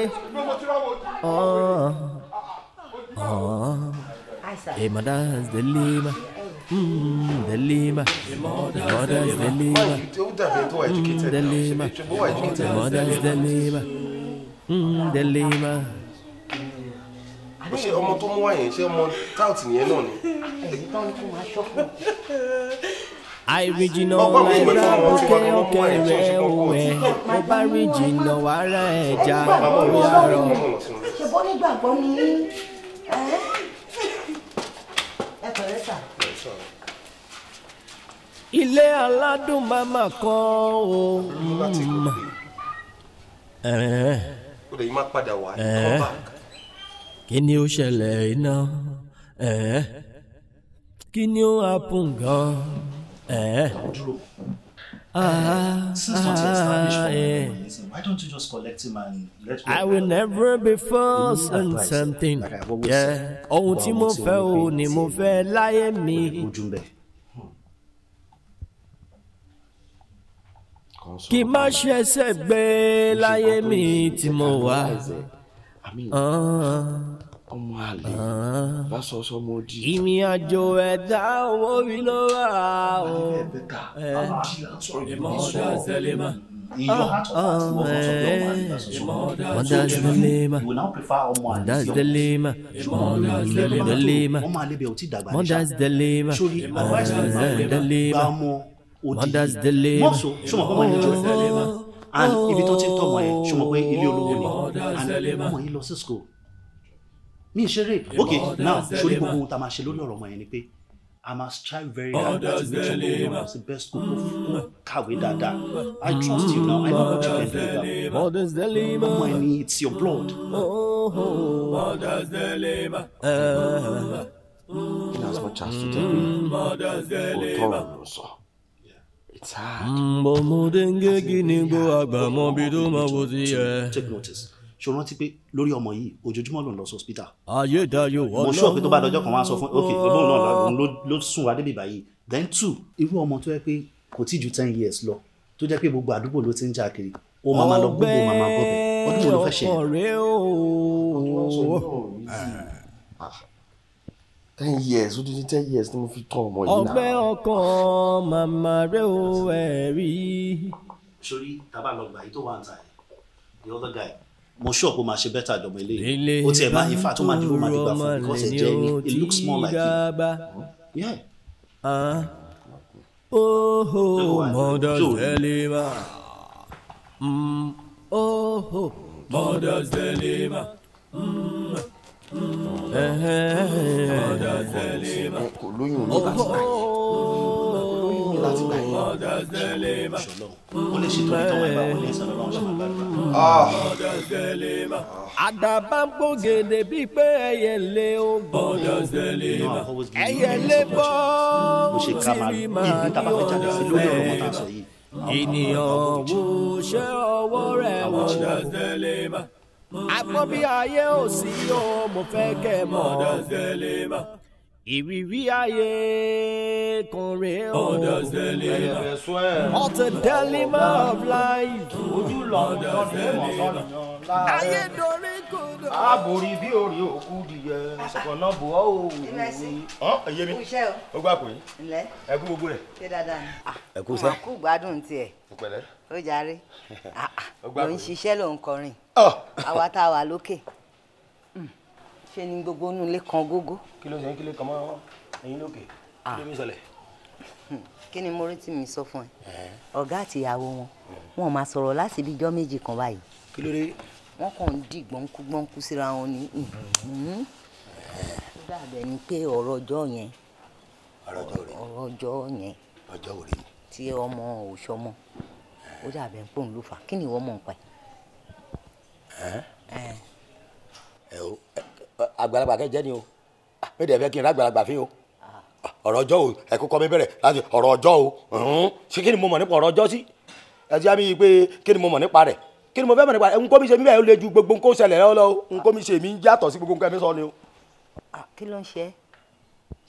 Hey, mother's dilemma. Mm, dilemma. Mother's dilemma. Mm, dilemma. Mother's dilemma. Mm, dilemma. ó ṣe ọmọ tó mú wáyé ṣé ọmọ táùtì yẹn náà ni. ẹ̀yin tó láìra bókẹ́ ọkẹ́ rẹ̀ òun mo bá rí jìnnà wàrà ẹ̀já lórí àárọ̀. ṣùgbọ́n nígbàgbọ́ ni ilé aládùn màmá kan o mà. ó lè yí má padà wá ní kí ni ó ṣẹlẹ̀ iná kí ni ó happen gan. Since uh, uh-huh. why don't you just collect him and let go? I will never be forced on something. Yeah. oh, tí mo fẹ́ o ni mo fẹ́ láyé mi. Hmm. Kì í má ṣe ẹsẹ̀ gbé láyé mi ọmọ àlè bá sọ sọmọ di. ìrìn àjò ẹ̀dá owó mi ló wà o. ìmọ̀ọ́dà sẹ́lẹ̀mà. Mọ̀dà Zẹlẹ́mà. Mọ̀dà Zẹlẹ́mà. Mọ̀dà Zẹlẹ́mà. Mọ̀dà Zẹlẹ́mà. Mọ̀dà Zẹlẹ́mà. Mọ̀dà Zẹlẹ́mà. Mọ̀dà Zẹlẹ́mà. and ibi tó ti ń tọ̀ mọ́ ẹ ṣùgbọ́n pé ilé olówó ni and ọmọ yìí lọ sí school mi ń ṣeré ok now sori gbogbo ohun tá a máa ṣe lórí ọ̀rọ̀ ọmọ yẹn ni pé I must try very hard to make sure Kokomo has the best school. Koko mm. kàwé dáadáa I trust you now I know what you can do deliver ọmọ ẹ ni it's your blood. in as much as today òótọ́ ọ̀rọ̀ ló sọ. It's hard. Mbọ̀mọdé mm, ń gé gíní gbó àgbà mọ́bi tó máa wo sí ẹ. Take notice ṣo rántí pé lórí ọmọ yìí ojoojúmọ́ ló ń lọ sí hospital. ayé dayo ọlọ́run mo sọ pé tó bá dọjọ́ kan wá sọ fún ok olóhùn náà ló sùn wá débi báyìí then two irú ọmọ tó yẹ pé kò tí ju ten years lọ tó jẹ́ pé gbogbo àdúgbò ló ti ń já kiri ó máa máa lọ gbogbo máa máa gbọ́bẹ̀ ọdún wo ló fẹ́ ṣe é. Ah, ten years ó ti ten years tí mo fi tọ́ ọmọ yìí náà. ọgbẹ́ ọkàn màmá rẹ̀ ò ẹ̀rí. sori tábà lọ gbà yìí tó wà ń ta yìí the other guy mo sure pé o máa ṣe better dọ̀mọ eléyìí o tiẹ̀ máa in fact o máa dìbò máa dìgbà fún because ẹ jẹ́ ẹni it looks more like you. Yeah. Uh, oh, mother deliver. Mm, oh, mother deliver. Mm, mm, eh, eh, eh. mother deliver. kò lóyún ní bàtà kó láti gbà yín. ó lè ṣètò ìtọ́wọ́ ìgbà wọlé ìsọ̀rọ̀ náà ṣe máa gbàdúrà. àdàbà ń gbògèdè bíi pé ẹyẹ lé o bọ̀ ẹyẹ lé bọ́ sírí màá ní ọ̀rẹ́ ènìyàn wo ṣé ọwọ́ rẹ̀ wọ̀ àgbọ̀n bí ayé ò sí o mo fẹ́ kẹ́ mọ́. Ìrírí ayé kò rí o. Others deliver. Others deliver of life. Ojú lọ lọ́dún ìwọ̀n sọ́nà. Ayé dorí kodo. Àbòrí bí orí òkú dìyẹ. Ṣọ̀kan náà bò ó wò wí. Ọ̀ ẹ̀yẹ mi. Ó gbà pé. Ǹlẹ́. Ẹ kú gbogbo rẹ̀. Ṣé dáadáa ni? Ah, ẹ kú sẹ́. Àwọn kú gbádùn tiẹ̀. Ìpẹ̀lẹ́. Ó jàre. Ló ń ṣiṣẹ́ ló ń kọrin. Àwa tá a wà lókè. ṣe ni gbogbo inú ilé kan gógó. kí ló ṣe ń kílé kan mọ́ ẹ̀yin lókè ah. kí ló ń ṣẹlẹ̀. Hmm. kí ni mo retí mi sọ fún ẹ ọ̀gá àti ìyàwó wọn hmm. wọn máa sọ̀rọ̀ láti ibi ijọ́ méjì kan báyìí. kí ló dé. wọn kàn ń dì gbọ̀nkú gbọ̀nkú síra wọn ni hmm. ó dàbẹ̀ ni pé ọ̀rọ̀ ọjọ́ yẹn ọ̀rọ̀ ọjọ́ yẹn ọjọ́ òrí tí ọmọ òṣọmọ ó dàbẹ̀ pé òun ló fà kí ni ìwọ mọ̀ ń pa ẹ̀ àgbàlagbà kẹjẹ ni o ah, mi dẹ̀ fẹ́ kí n rà àgbàlagbà fi o ah, ọ̀rọ̀ ọjọ́ o ẹ kọ́kọ́ mi bẹ̀rẹ̀ láti ọ̀rọ̀ ọjọ́ o ṣé kí ni mo mọ̀ nípa ọ̀rọ̀ ọjọ́ sí ẹ ti á mi pé kí ni mo mọ̀ nípa rẹ̀ kí ni mo fẹ́ mọ̀ nípa rẹ̀ nǹkan mi ṣe mi bẹ́ẹ̀ lè ju gbogbo nǹkan ṣẹlẹ̀ lọ́wọ́ lọ́wọ́ nǹkan mi ṣe mi yàtọ̀ sí gbogbo nǹkan mi sọ ni o. Ah, kí ló ń ṣe é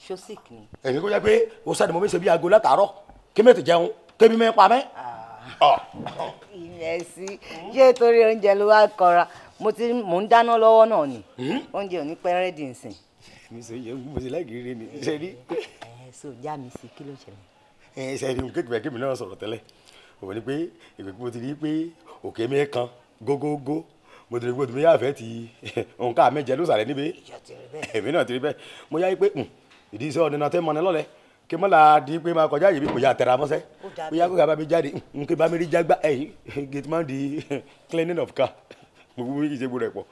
ṣosik ni. èmi kò jẹ́ pé o sẹ́ni mo fi ṣe bí aago látàárọ̀ kí mi ti jẹun kébí mi pa mẹ́. ìrẹsì ṣé torí oúnjẹ ló wá kọra mo ti mò ń dáná lọ́wọ́ náà ni hmm? oúnjẹ ò ní pẹ́ rẹ́dì nsìn. mi sọ yẹ mo ti láìkiri rẹ ni ṣe rí. ẹ ẹ so já mi sí kí ló ṣẹlẹ̀. ẹ ẹ ṣe rí mo kékeré kí mi náà sọ̀rọ̀ tẹ́lẹ̀ òun ni pé ìgbè mo ti rí pé òkè mi kan gógógó mo ti rí pé mi yà fẹ́ ti nǹkan mẹ́jẹ ló sàrẹ́ níbi èmi náà ti rí bẹ́ẹ̀ mo yá pé hmm, ìdí iṣẹ́ ọ̀nà tẹ́ mọ́ni lọ́lẹ̀ kí mo la di pé ma kọjá yìí bí kò yà tẹ̀ra mọ́sẹ́ bóyá kó kà bá mi jáde nkè bá mi rí jágbá ẹ̀yìn gate di cleaning of car gbogbo méjì ṣe gbọdọ̀ pọ̀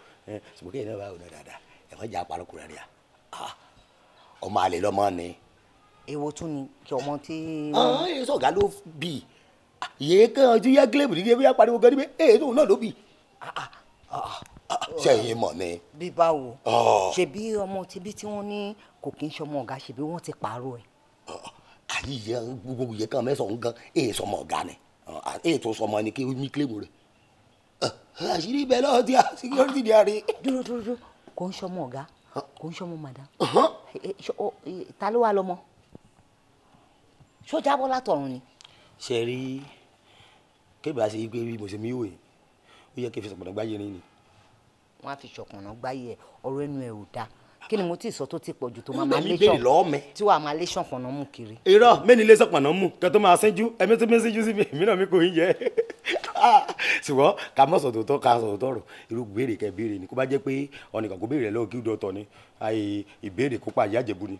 ṣùgbọ́n kí ẹ̀ náà bá wọnà dáadáa ẹ̀fọ́ ìjà àparọ́kùnrin rẹ̀ ọmọ àlè lọ́mọ ni. èwo tún ni kí ọmọ tí. ọ̀hún èyí sọ̀gá ló bì yéé kan ojú yá gílẹ̀bù nígbà bí apariwo gan níbẹ̀ èyí tóun náà ló bì. sẹ́yìn mọ̀ ni. bí báwo ṣebí ọmọ tibí tí wọ́n ní kò kí ń ṣọmọ ọ̀gá ṣebí wọ́n ti pààrọ̀ ẹ̀. àyè yẹ gbogbo yẹ kan mẹ́sàn-án gan èyí sọmọ ọ̀gá ni èyí tó sọmọ ni kí ó ní kílẹ̀bù rẹ̀ àṣírí ibẹ̀ lọ́wọ́ tí a security di àárẹ̀. dúró dúró dúró kò ń sọmọ ọ̀gá kò ń sọmọ madam eh, eh, eh, ta ló wà lọ́mọ sójà bọ́lá tọ̀run ni. ṣe rí kébà ṣe gbé bí mo ṣe mí wòye ó yẹ kí n fi sọ̀pọ̀nà gbáyé rin ni. wọ́n á fi sọ̀pọ̀nà gbáyé ẹ̀ ọ̀rọ̀ ẹnu ẹ̀ ò dáa kí ni mo ti sọ tó ti pọ̀ jù tó máa máa léṣọ̀ tí wàá máa léṣọ̀ pọ̀nà mú kiri. irọ́ mẹ́ni léṣọ̀ pọ̀nà mú kẹ́tọ́ máa ṣẹ́jú ẹ̀mí tó mẹ́sẹ́jú síbi èmi náà mi kò ń yẹ. ṣùgbọ́n ká mọ̀ sọ̀tò tọ́ ká sọ̀tò tọ́rọ̀ irú béèrè kẹ béèrè ni kó bá jẹ́ pé ọ̀nìkan kó béèrè rẹ lọ́wọ́ kí dọ̀tọ̀ ni ìbéèrè kó pa ìyá àjẹbù ni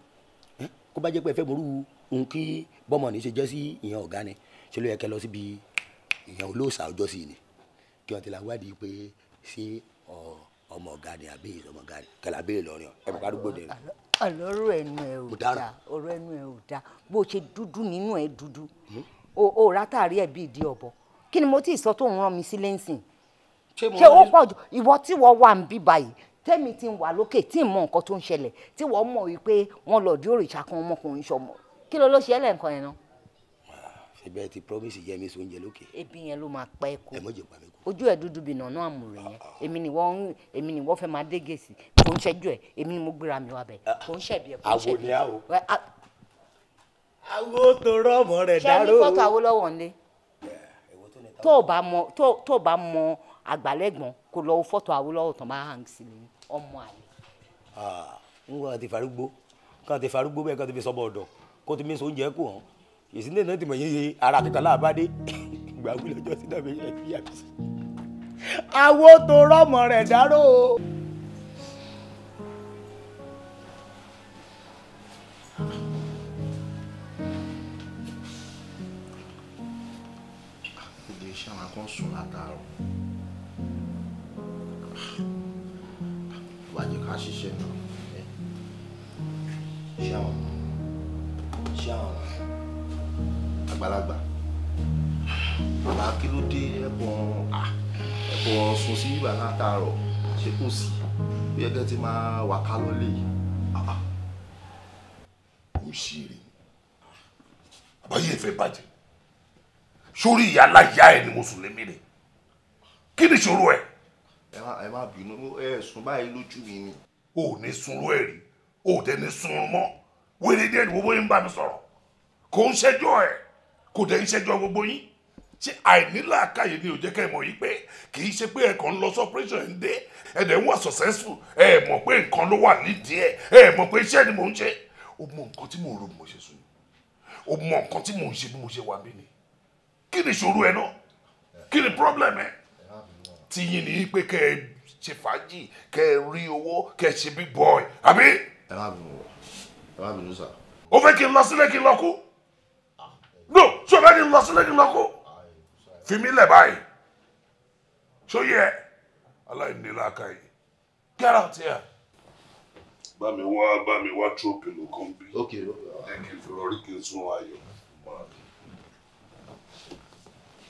kó bá jẹ́ pé ẹ fẹ́ ború ohun kí bọ́mọ ní ṣe jẹ́ sí ìyẹn ọ̀gá ni ṣe ló yẹ kẹ lọ síbi ìyẹn olóòṣà ọjọ́ sí ni kí wọ́n ti la wádìí pé ṣé ọmọ ọ̀gá ni àbí ọmọ ọ̀gá ni kẹlẹ́ àbí ìlọrin ẹ̀ bá dúgbò dẹ̀ ọlọ́rọ̀ ẹnu ẹ ò dáa ọ̀rọ̀ ẹnu ẹ ò dáa bó ṣe dúdú nínú ẹ dúdú hmm? o rátàrí ẹ bíi di ọ̀bọ kí ni mo ti sọ tó ń rán mi sí lẹ́sìn ṣé ó pọ̀ jù ìwọ tí wọ́n wà ń bí báyìí tẹ́mi ti ń wà lókè tí ń mọ nǹkan tó ń ṣẹlẹ̀ tí wọ́n mọ̀ wípé wọ́n lọ dúró ìṣà kan ọmọkùnrin ṣọmọ kí ló ló ṣe é lẹ́ǹkan yẹn náà. ṣebẹ́ ti promise yẹ mi sọ oúnjẹ lókè. ebi yẹn ló máa pẹ́ kú ojú ẹ̀ dúdú bìnà náà àmùrè yẹn ah, ah. èmi ni wọ́n èmi ni wọ́n fẹ́ máa dé gèsì kò ń ṣẹ́jú ẹ̀ èmi ni mo gbéra mi wá bẹ̀ ah, kò ń ṣẹ̀bi ẹ̀ kò ń ṣẹ̀bi ẹ̀. àwo ni àwo. àwo tó rọ̀ mọ́ rẹ̀ dáró. ṣé ẹni fọ́tò àwo lọ́wọ́ nílé tó o bá mọ àgbàlẹ́gbọ̀n kò lọ fọ́tò Awólọ́wọ̀ tó máa hàn sí ni ọmọ àlè. n kò àti farúgbó kò àti farúgbó bẹ́ẹ̀ kò àti fi sọ́bọ̀ ọ̀dọ̀ kò ti mi sọ oúnjẹ kù hàn èsì náà ti mọ̀ yín ṣe ara kíkan láàbádé ìgbà wílọ́jọ́ sí náà bẹ́ẹ̀ yẹn fi yà sí. àwo tó rọ́mọ rẹ̀ dárò o. ṣe àwọn akọ́ sùn látàárọ̀ bàjẹ́ ká ṣiṣẹ́ náà ṣé àwọn ṣé àwọn àgbàlagbà bàbá kí ló dé ẹ̀bùn ẹ̀bùn sùn sí ìgbà látàárọ̀ ṣé kò sí bí ẹgẹ́ ti máa wà ká lọ́lé yìí ó ṣe rè àbáyé ìfẹ́ bàjẹ́ sórí ìyá aláìyá ẹ ni mùsùlùmí ni kí ni ìṣòro ẹ. ẹ má bínú ẹ sùn báyìí lójú mi ni. o ò ní sunrú ẹ rí o ò tẹni sunrún mọ́ wíìlì díẹ̀ ni gbogbo yín bá mi sọ̀rọ̀ kò ń ṣẹjọ́ ẹ kò dẹ̀ ń ṣẹjọ́ gbogbo yín ṣé àìnílàákàyè ni ò jẹ́ kẹ́ ẹ mọ̀ yìí pé kì í ṣe pé ẹ kàn ń lọ sọpẹ́ṣọ̀ ń dé ẹ dẹ̀ ń wà successful ẹ mọ̀ pé nǹkan ló wà nídìí ẹ ẹ mọ̀ pé iṣẹ́ ni mò ń ṣe o mọ nǹkan tí mò ń ro bí mo ṣe sùn o mọ nǹkan tí mò ń ṣe bí mo ṣe wà bí ni kí ni ìṣòro ẹ náà kí ni problem ẹ ti yín ni pé kẹ ẹ ṣe fàájì kẹ ẹ rí owó kẹ ẹ ṣe big boy àbí. ẹ má bínú ẹ má bínú sà. o fẹ́ kí n lọ sílé kí n lọ kú no ṣé o fẹ́ kí n lọ sílé kí n lọ kú fi mí lẹ̀ báyìí ṣó yẹ aláìní làákàyè get out here bá mi wá bá mi wá tró pẹ̀lú kan bí. ok ok. ẹ kì í fi rọrí kí n sún ayọ̀.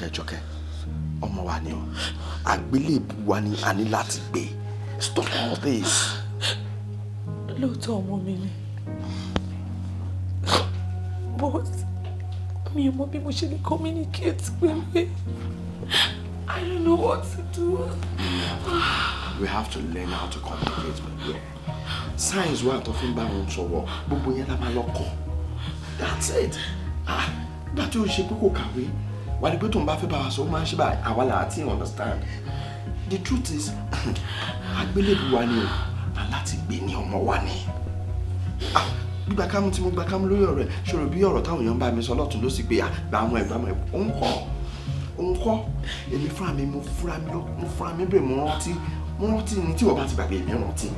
jọkẹ́ jọkẹ́ ọmọ wa ni o àgbélébù wa ni a ní láti gbé stop all this. lóòótọ́ ọmọ mi ni but mi ò mọ bí mo ṣe lè communicate pẹ̀lú I don't know what to do. we have to learn how to communicate pẹ̀lú ẹ̀ signs wà tó fi ń bá wọn sọ̀rọ̀ gbogbo yẹn la máa lọ kọ́ that's it ah gbàtí o ṣe pé kò kàwé wà ní pé tó ń bá fẹ́ bá wa sọ ó máa ń ṣe báyìí àwa làá ti understand the truth is àgbélébù wa ni o aláti gbé ní ọmọ wa ni ah, gbígba kámú tí mo gba kámú lórí ọ̀rọ̀ ẹ̀ ṣòro bí ọ̀rọ̀ táwọn èèyàn bá mi sọ lọ́tún ló sì pé àgbà ah, àwọn ẹ̀gbà àwọn ẹ̀gbà òun kọ́ òun kọ́ èmi fúnra mi mo fúnra mi bèrè mo rántí mo rántí ní tí wọ́n bá ti gbàgbé èmi rántí.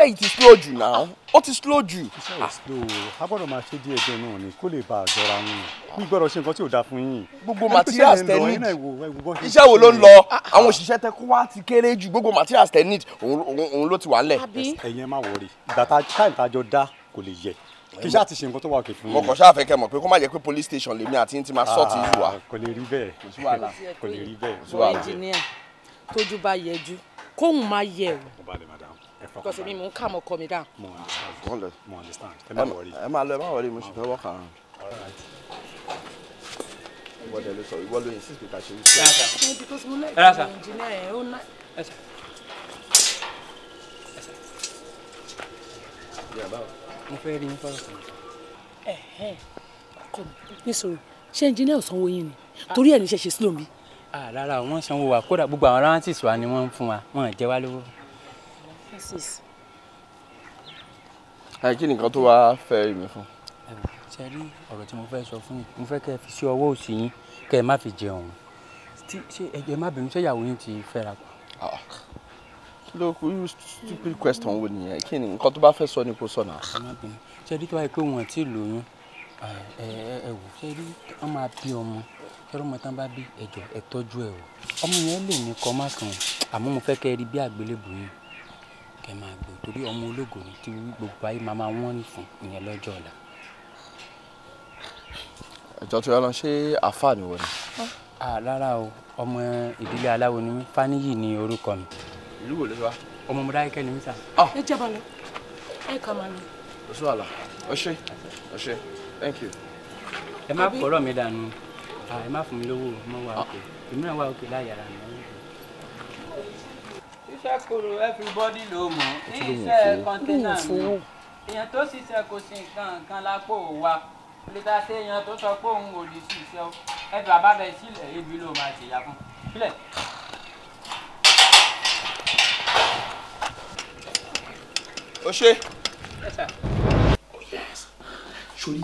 iṣẹ́ yìí ti slow jù náà ah. ó ti slow jù. iṣẹ́ yìí slow a gbọ́dọ̀ máa ṣe díẹ̀ díẹ̀ náà ni kó lè bá a jọra wọn bí gbọ́dọ̀ ṣe nǹkan tí ò dáa fún yín. gbogbo materials tẹ need iṣẹ́ wo ló ń lọ ah, ah. àwọn òṣìṣẹ́ tẹ kó wá ti kéré jù gbogbo materials tẹ need òun ló ti wà ńlẹ̀. ẹ̀yin ẹ má wọrí ìgbà tá time tá a jọ dá kò lè yẹ kì í ṣáà ti ṣe nǹkan tó wà òkè fún mi. mo kàn ṣáà fẹ́ kẹ́ mọ̀ pé kó má jẹ́ pé police station lèmi àti ní ti máa sọ́ọ̀tì ìlú wa. kò lè rí bẹ́ẹ̀ kò lè rí bẹ́ẹ̀. ìjìnìà tójú bá yẹjú kóhùn máa yẹ o because èmi mò ń kà mọ́ ọkọ mi down. mo understand mo understand ẹ má wọrí. ẹ má lọ ẹ má wọrí mo sì fẹ́ wọ́ọ̀kà rán. ìwọ dẹ ló sọ ìwọ ló yìn sí ìpè ká ṣe wí. ẹ rà sà ẹ sà. mo fẹ́ rí yín fọ́nrán kan. ọkọ mi nísòro ṣé ẹnjìnìá ò sanwó yín ni torí ẹ̀ ní ṣe ṣe sílòmí. Ah, rárá wọn sanwó wa kódà gbogbo àwọn aráńtì sọ wa ni wọn ń fún wa wọn jẹ wá lówó. Francis. ẹ kí nìkan tó wàá fẹ́ mi fún. ṣe rí ọ̀rọ̀ tí mo fẹ́ sọ fún yín mo fẹ́ kẹ́ ẹ fi sí ọwọ́ òsì yín kẹ́ ẹ má fi jẹun ṣé ẹ̀jẹ̀ má bínú ṣé ìyàwó yín ti fẹ́ra pa. Ah, kí ah. ló kú irú stupid question wo nìyẹn kí ni nǹkan tó bá fẹ́ sọ ni kò sọ náà. ṣe rí tó wáyé pé wọn ti lóyún ẹ wò ṣe rí wọn máa bí ọmọ kẹrọ ọmọ tán bá bí ẹjọ ẹ tọ́jú o ọmọ yẹn lè ní kọ má kàn án àmọ́ mo fẹ́ kẹ́ ẹ rí bí àgbélébùú yìí kẹ́ máa gbọ́ torí ọmọ ológo ni tí gbogbo ayé máa máa wọ́n ní fún ìyẹn lọ́jọ́ ọ̀la. ìjọ tó yọ lọ ṣé àáfàá ni wọ́n ni. rárá o ọmọ ìdílé aláwo ni mí fáníyì ni orúkọ mi. ìlú wo ló wá. ọmọ mo dáríkẹ́ ni mí sà. Ah. ẹ jẹ́ balẹ̀ ẹ kà máa lọ. oṣù àlà ọṣẹ ọṣẹ thank you. ẹ má pọ̀rọ̀ mi dànù ẹ má fún mi lówó mo wà ah. òkè èmi náà wà òkè láyàrá mi iṣẹ́ koro everybody ló mọ̀ ní iṣẹ́ kọ́ńténà mi èèyàn tó ṣiṣẹ́ kò sí nǹkan kan lápò wa lẹ́tà sí èèyàn tó sọ pé òun ò lè ṣiṣẹ́ o ẹ bàbá sílẹ̀ ebi ló máa ṣèyà fún sílẹ̀. o ṣe. Oh, sori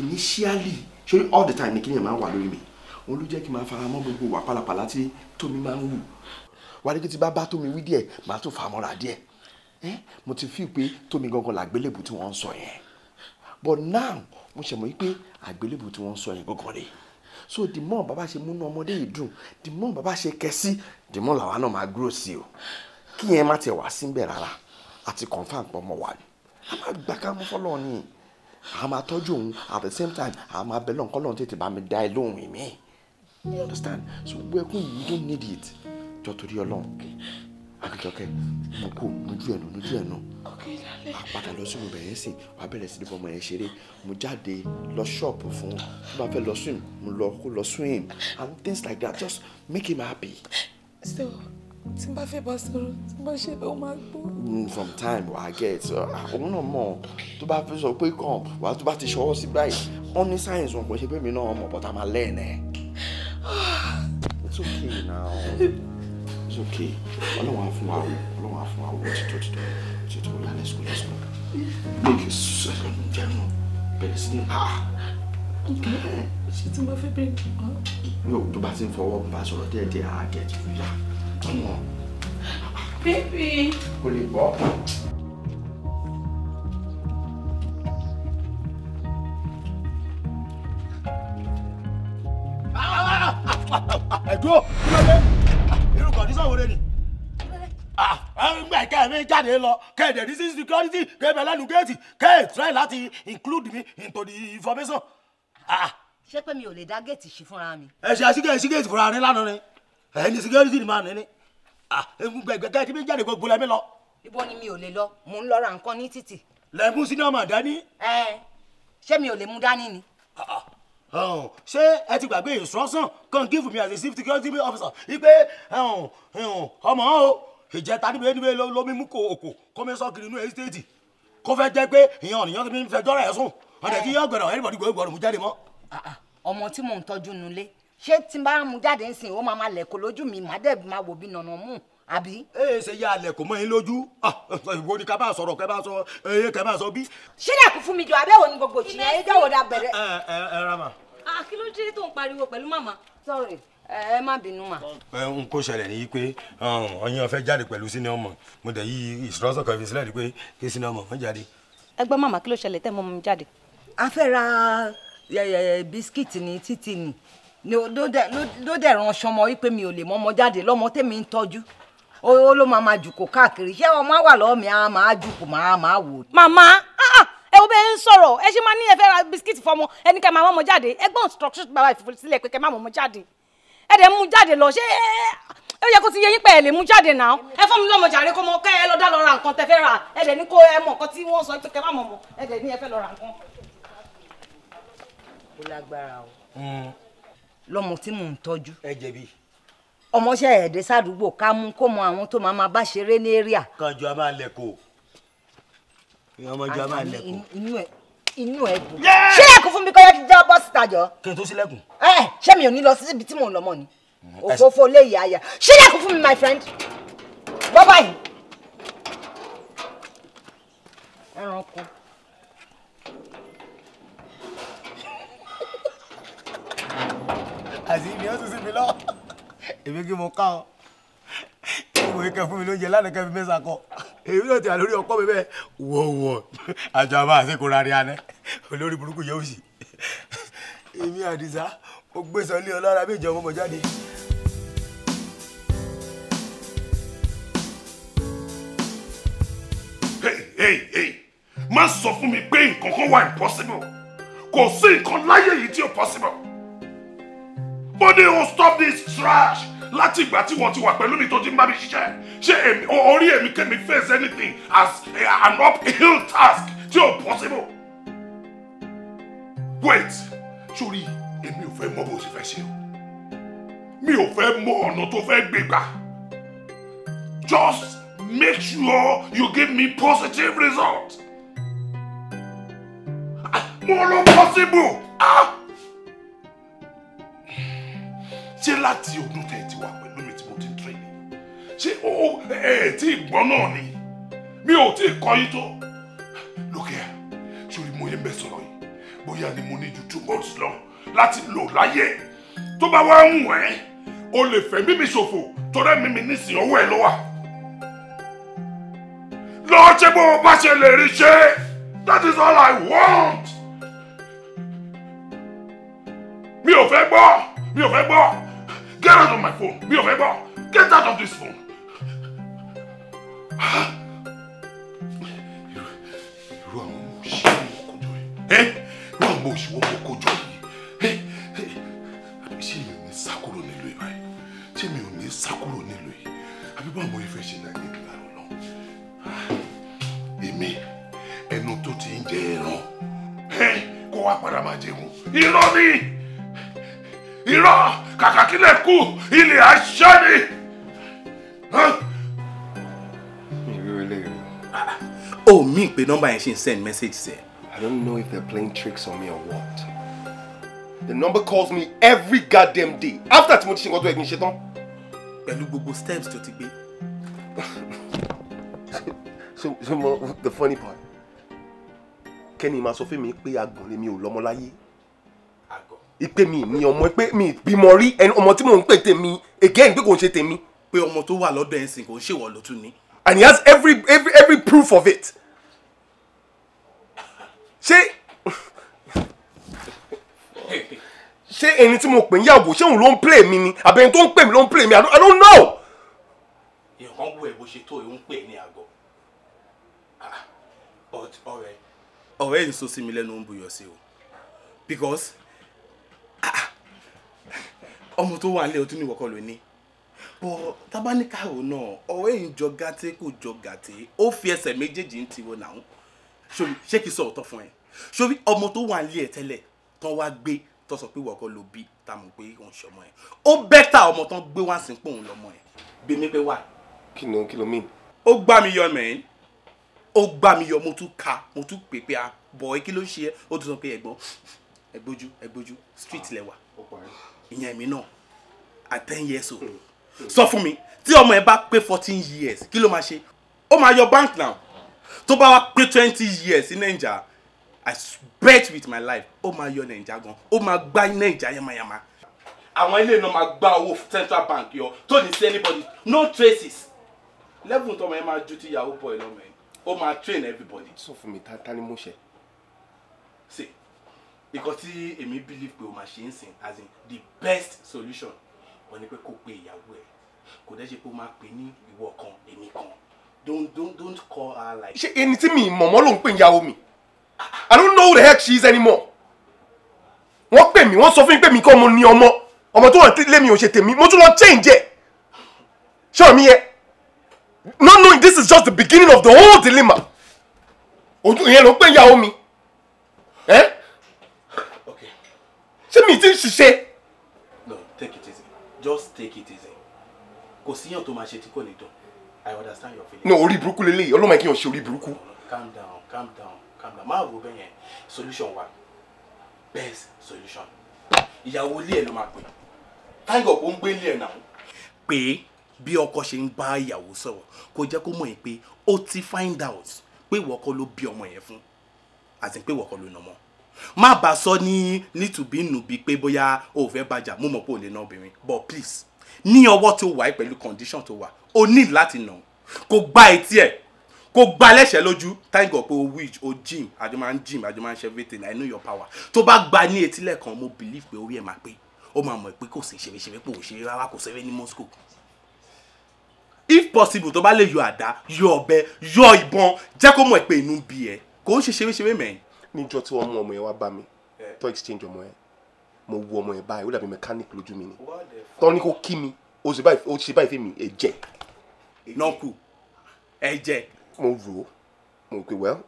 initially sori all the time ni kí ni ẹ máa wà lórí mi òun ló jẹ́ kí n máa fara mọ́ gbogbo wà pálapàla tí tómi máa ń wù wàdíkì tí bá bá tómi wí díẹ̀ màá tún fà mọ́ra díẹ̀ mo ti fi pé tómi gangan làgbélébù tí wọ́n ń sọ yẹn but now mo ṣe mọ̀ pé àgbélébù tí wọ́n ń sọ yẹn gangan rèé so the more baba ṣe múnú ọmọdé yìí dùn the more baba ṣe kẹsí the more làwa náà máa grow sí o kí yẹn má tiẹ̀ wá síbẹ̀ rárá àti confam pọ̀ mọ́ wa ni a máa gbà ká mú fọ́lọ́ ni a máa tọ́jú òun at the same time a máa bẹ̀ lọ́nkọ́ lọ́n tètè bá mi dá ẹ lóhùn mi you understand so gbogbo yìí you don't need it jọ torí Ọlọ́run Àbíjọkẹ́ mo kù lójú ẹnu lójú ẹnu àpàtà lọ sí ibùbẹ̀ yẹn sì wà á bẹ̀rẹ̀ sí ní fọmọ yẹn ṣeré mo jáde lọ ṣọ́ọ̀bù fún un tó bá fẹ́ lọ swim mo lọ kó lọ swim and things like that just make him happy. so tí n bá fẹ́ bá sọ̀rọ̀ tí n bá ṣe ó máa gbọ́. Mm, from time wàá get ah, òun náà mọ̀ tó bá fẹ́ sọ pé kàn wàá tó bá ti ṣọwọ́ sí báyìí wọ́n ní science wọn kò ṣe pé mi náà mọ̀ but I'm a learner. Ah. it's okay now. it's okay ọlọ́run á fún wa wò ọlọ́run á fún wa wò títọ́ títọ́ títọ́ yà let's go let's go make it. bẹ̀rẹ̀ sí ní ah. ṣé tí mo fẹ́ bẹ́ẹ̀ ni wọ́n. yóò tó bá ti ń fọwọ́ bá sọ̀rọ̀ díẹ̀díẹ̀ á gẹ̀ jù yá ọmọ. bébì. kò lè Go! òre ni ah, ah, nígbà ìka mi jáde lọ kẹ́ẹ̀dẹ̀ ní sí security kẹ́ẹ̀bẹ̀ lẹ́nu géètì kẹ́ẹ̀ try láti include me into the information. Ah. ṣé pé mi ò lè dá géètì sí fúnra mi. ẹ ṣe àṣìkè sí géètì fúnra ní lánàá ni ẹ ní security ni màá ní ní gbẹgbẹ kẹ́ẹ̀tì mi jáde gbogbo lẹ́mí lọ. ibo ni mi ò lè lọ mò ń lọ ra nǹkan ní títì. lẹ́mú sínú ọmọ dání. ẹ ṣé mi ò lè mú dání ni ṣé ẹ ti gbàgbé instruction come give me as a chief security officer ipe ọmọ o ìjẹta níbi níbi lómi mú kò òkò kó mi sọ kiri inú estate kó fẹ́ jẹ́ pé ìyẹn ọ̀nìyàn ti fi fẹ́ dọ́rọ̀ ẹ̀ sùn ọ̀dẹ̀ kí yọ gbọ̀dọ̀ anybody gbọ̀dọ̀ gbọ̀dọ̀ mú jáde mọ́. Ah, ah, ọmọ tí mò ń tọ́jú nulẹ̀ ṣé tí n bá mú jáde ń sìn ó máa ma lẹ̀kọ́ lójú mi má dẹ̀ máa wò bí nànà mú àbí. ee eh, ṣe ya alẹ kò mọ yín lójú ah, ìwọ ni ká bá sọ̀rọ̀ ká bá sọ eye eh, ká bá sọ bí. ṣílẹ̀kùn fún mi jọ abẹ́wò ni gbogbo ìṣìyẹn ẹjọ́ wo da bẹ̀rẹ̀. ẹ ẹ ẹ rama Ah, ah kí ló dé tó ń pariwo pẹ̀lú màmá. sorry ẹ má bínú mà. n kò ṣẹlẹ̀ ní pé um, ọyàn ọ̀fẹ́ jáde pẹ̀lú sínú ọmọ mo dẹ̀ yí ìṣúrọ́sọ̀ kan fi sílẹ̀ ní pé kí sínú ọmọ fún jáde. ẹ gbọ́ màmá kí ló ṣẹlẹ̀ tẹ́ mọ́ mi jáde. a fẹ́ ra bisikíìtì ní títì ni ló dẹ̀ ran ṣọmọ wípé mi ò lè mọ́ ọmọ jáde lọ́mọ tẹ́mi ń tọ́jú ó ló máa ma jùkò káàkiri ṣé ọmọ wà lọ́ọ́ mi á máa jùkò máa máa wò. màmá ẹ wo bẹ́ẹ̀ ń sọ̀rọ̀ ẹ ṣe máa ní ẹ ra bisikíìtì fọmọ ẹni kẹ́ máa mọ́ ọmọ jáde ẹ gbọ́n instruction bàbá ìfòfòlì sílẹ̀ pé kẹ́ máa mọ́ ọmọ jáde ẹ dẹ̀ mú jáde lọ ṣé ó yẹ kó ti yẹ yín pé ẹ lè mú jáde náà ẹ fún mi lọ́mọ jàre kó mọ kẹ́ ẹ lọ dá lọ ra nǹkan tẹ ra ẹ dẹ̀ ní kó ẹ mọ̀ nǹkan tí wọ́n sọ pé kẹ́ máa mọ̀ mọ̀ ẹ dẹ̀ ní ẹ fẹ́ lọ ra nǹkan. ó lágbára o hmm. lọmọ tí mò ń tọ́jú. ẹ jẹ̀bi ọmọọṣẹ́ ẹ̀ẹ́dẹ́sàdúgbò ká mú kó mọ àwọn tó máa máa bá ṣeré ní area ọmọjọ máa lẹ̀kùn. inú ẹ dùn. ṣé ẹkùn fún mi kọ́lá ti já bọ́ síta jọ. kí n tó sílẹ̀kùn. ẹ ṣé mi ò ní lọ síbi tí mò ń lọ mọ́ ni mm, òfófó lè yà yà ṣé ẹkùn fún mi my friend bọ́ báyìí. ẹranko. àti ìdí ó tún sí mi lọ èmi kí mo ká ọ ọkùnrin kan fún mi lóúnjẹ lánàá kan fi mẹ́sà kọ èyí náà ti àlórí ọkọ mi bẹ́ẹ̀ wọ̀ wọ̀ àjọ àbá àsekò rárẹ̀ alẹ́ olórí burúkú yóò sì èmi àdìsá ó gbé sọ ilé ọlọ́ra ìjọba ọmọ jáde. má sọ fún mi pé nǹkan kan wà impossible kò sí nǹkan láyé yìí tí ò possible. Body will stop this trash láti ìgbà tí wọ́n ti wà pẹ̀lú mi tó ti ń bá mi ṣiṣẹ́ ṣé orí èmi kẹ́mi face anything as an uphill task tí ò possible. wait sórí èmi ò fẹ́ mọ bó ti fẹ́ ṣe o mi ò fẹ́ mọ ọ̀nà tó fẹ́ gbé gbà just make sure you give me positive result. Ah, More than possible. Ah! ṣé láti ọdún tẹ̀ ti pẹ̀lú mi tí mo ti ń train ni ṣé ó ẹ̀ tí ìgbọ́n náà ni mi ò tí ì kọ́ yín tó lókè ẹ̀ mo yẹ ń bẹ sọ̀rọ̀ yìí bóyá ni mo ní ju two months lọ láti lò láyé tó bá wá ń wẹ̀ o lè fẹ́ mímí ṣòfò tọ́lẹ́ mímí nísìnyí ọwọ́ ẹ̀ ló wà lọ ṣe bó o bá ṣe lè rí ṣe that is all I want mi ò fẹ́ gbọ́ mi ò fẹ́ gbọ́. Get out of my phone. Be ò fẹ́ gbọ́. Get out of this phone. Irú àwọn ọmọ òṣìṣẹ́ wọn kò jọ yìí. Irú àwọn ọmọ òṣìṣẹ́ wọn kò jọ yìí. Àbí ṣé mi ò ní sá kúrò nílùú yìí báyìí? Ṣé mi ò ní sá kúrò nílùú yìí? Àbí báwo mo fẹ́ ṣe náà ní ìlú àrùn lọ? Èmi kàkà kílẹ̀ kú ilẹ̀ àṣà Oh, me! The number yẹn ṣe send message sẹ. I don't know if they're playing tricks on me or what. The number calls me every goddamn day after that, she got to nǹkan tó yẹ kí n ṣe tán. steps to ti gbé. So so the funny part. Kenny máa sọ fún mi pé agùn lèmi ò lọ́mọ láyé ìpè mi ni ọmọ pé mi bímọ rí ẹni ọmọ tí mò ń pè tèmi again pé kò ń ṣe tèmi. pé ọmọ tó wà lọ́dọ̀ ẹ̀sìn kò ń ṣèwọ̀ ló tún and he has every every every proof of it. ṣé ṣé ẹni tí mo pè ń yàgò ṣé òun ló ń play mi ni àbẹ̀yìn tó ń pè mí ló ń play mi i don't know. ìyọ̀kan wo ẹ̀ bó ṣe tó ìhun pè ní àgọ́ ah, ọ̀rẹ́ ọ̀rẹ́ yìí sọ sí mi lẹ́nu ń buyọ̀ sí o because ọmọ tó wà nílẹ̀ o tún ní ìwọ́kọ̀ ló ní bọ̀ tábánikàwò náà ọ̀rọ̀ èyí jọ gàtẹ́ kò jọ gàtẹ́ ó fi ẹsẹ̀ méjèèjì ń tiwo náà ṣòbí ṣé kìí sọ ọ̀tọ̀ fún ẹ ṣòbí ọmọ tó wà nílẹ̀ tẹ́lẹ̀ tán wá gbé tó sọ pé ìwọ́kọ̀ ló bí tá a mọ̀ pé òun ṣe ọmọ ẹ ó bẹ́tà ọmọ tán gbé wá sí pé òun lọmọ ẹ bèmí pé wà. kí ló kí ló mìn. ó gbá mi yọ mẹ́rin ó gbá mi yọ ẹgbójú ẹgbójú street ah, lẹwà ìyẹn mi náà at ten years old sọ fún mi tí ọmọ ẹ bá pé fourteen years kí ló máa ṣe ó máa yọ bank now tó bá wá pé twenty years ní nàìjà i bet with my life ó máa yọ nàìjà gan ó máa gbá nàìjà yamayama àwọn ilé náà máa gba owó central bank yọ tó ní sí anybody no traces level tọmọ ẹ máa ju ti yahoo boy lọmọ ẹ ó máa train everybody. sọ fún mi ta ta ni mo ṣe. see Because tí èmi believe pé o máa ṣe ń sìn as in the best solution wọ́n ní pé kó pe ìyàwó ẹ̀ kò dẹ́ ṣe pé o máa pè ní ìwọ kan èmi kan don't don't don't call her like. ṣé ẹni tí mi mọ̀mọ́ ló ń pè ìyàwó mi i don't know who the heck she is anymore wọ́n pè mí wọ́n sọ fún mi pé mi kọ́ mo ní ọmọ ọmọ tó wà nílé mi ò ṣe tèmi mo tún lọ change ẹ̀ ṣé ọ̀mí yẹn not knowing this is just the beginning of the whole dilemma ojú ìyẹn ló ń pè ìyàwó mi. Eh? mi ti ń ṣiṣẹ́. no take it easy just take it easy kò síyàn tó máa ṣe tí kò ní dùn i understand your feelings. no orí burúkú lélẹ́yìí ọlọ́mọ ẹ̀kí yàn ṣe orí burúkú. calm down calm down calm down máa wo bẹ́ẹ̀ solution wa best solution ìyàwó ilé ẹ̀ ló máa pè táyọ̀ ó ń gbé ilé ẹ̀ náà. pé bí ọkọ ṣe ń bá ìyàwó sọ̀rọ̀ kó jẹ́ kó mọ̀ ẹ́ pé ó ti find out pé ìwọ kọ́ ló bí ọmọ yẹn fún àti pé ìwọ kọ́ ló nà ọmọ má bá sọ ní nítùbínúbi pé bóyá o ò fẹ́ bàjá mo mọ̀ pé o lè na obìnrin but please ní ọwọ́ tí o wà pẹ̀lú condition tó wà o need láti nà kó gba etí ẹ̀ kó gba lẹ́sẹ̀ lójú thank God pé o witch o gym àjọ máa ń gym àjọ máa ń ṣe everything I know your power tó bá gba ní etí lẹ́ẹ̀kan mo believe pé orí ẹ̀ máa pé ó máa mọ̀ pé kò sí ṣeréṣeré pò ṣeré rárá kò sẹ́rẹ́ ní Moscow if possible tó bá lè yọ àdá yọ ọ̀bẹ yọ ìbọn jẹ́ kó mọ̀ pé inú bí ẹ kò ń ṣe ṣeréṣeré mẹ́rin níjọ́ tí wọ́n mú ọmọ yẹn wá bá mi eh. tó exchange ọmọ yẹn mo wu ọmọ yẹn báyìí ó dàbí mechanic lójú mi ni tọ́ ní kó kí mi ó ṣe báyìí fún mi ẹ̀jẹ̀. nọ́ọ̀kù ẹ̀jẹ̀. mo rò ó mo pe well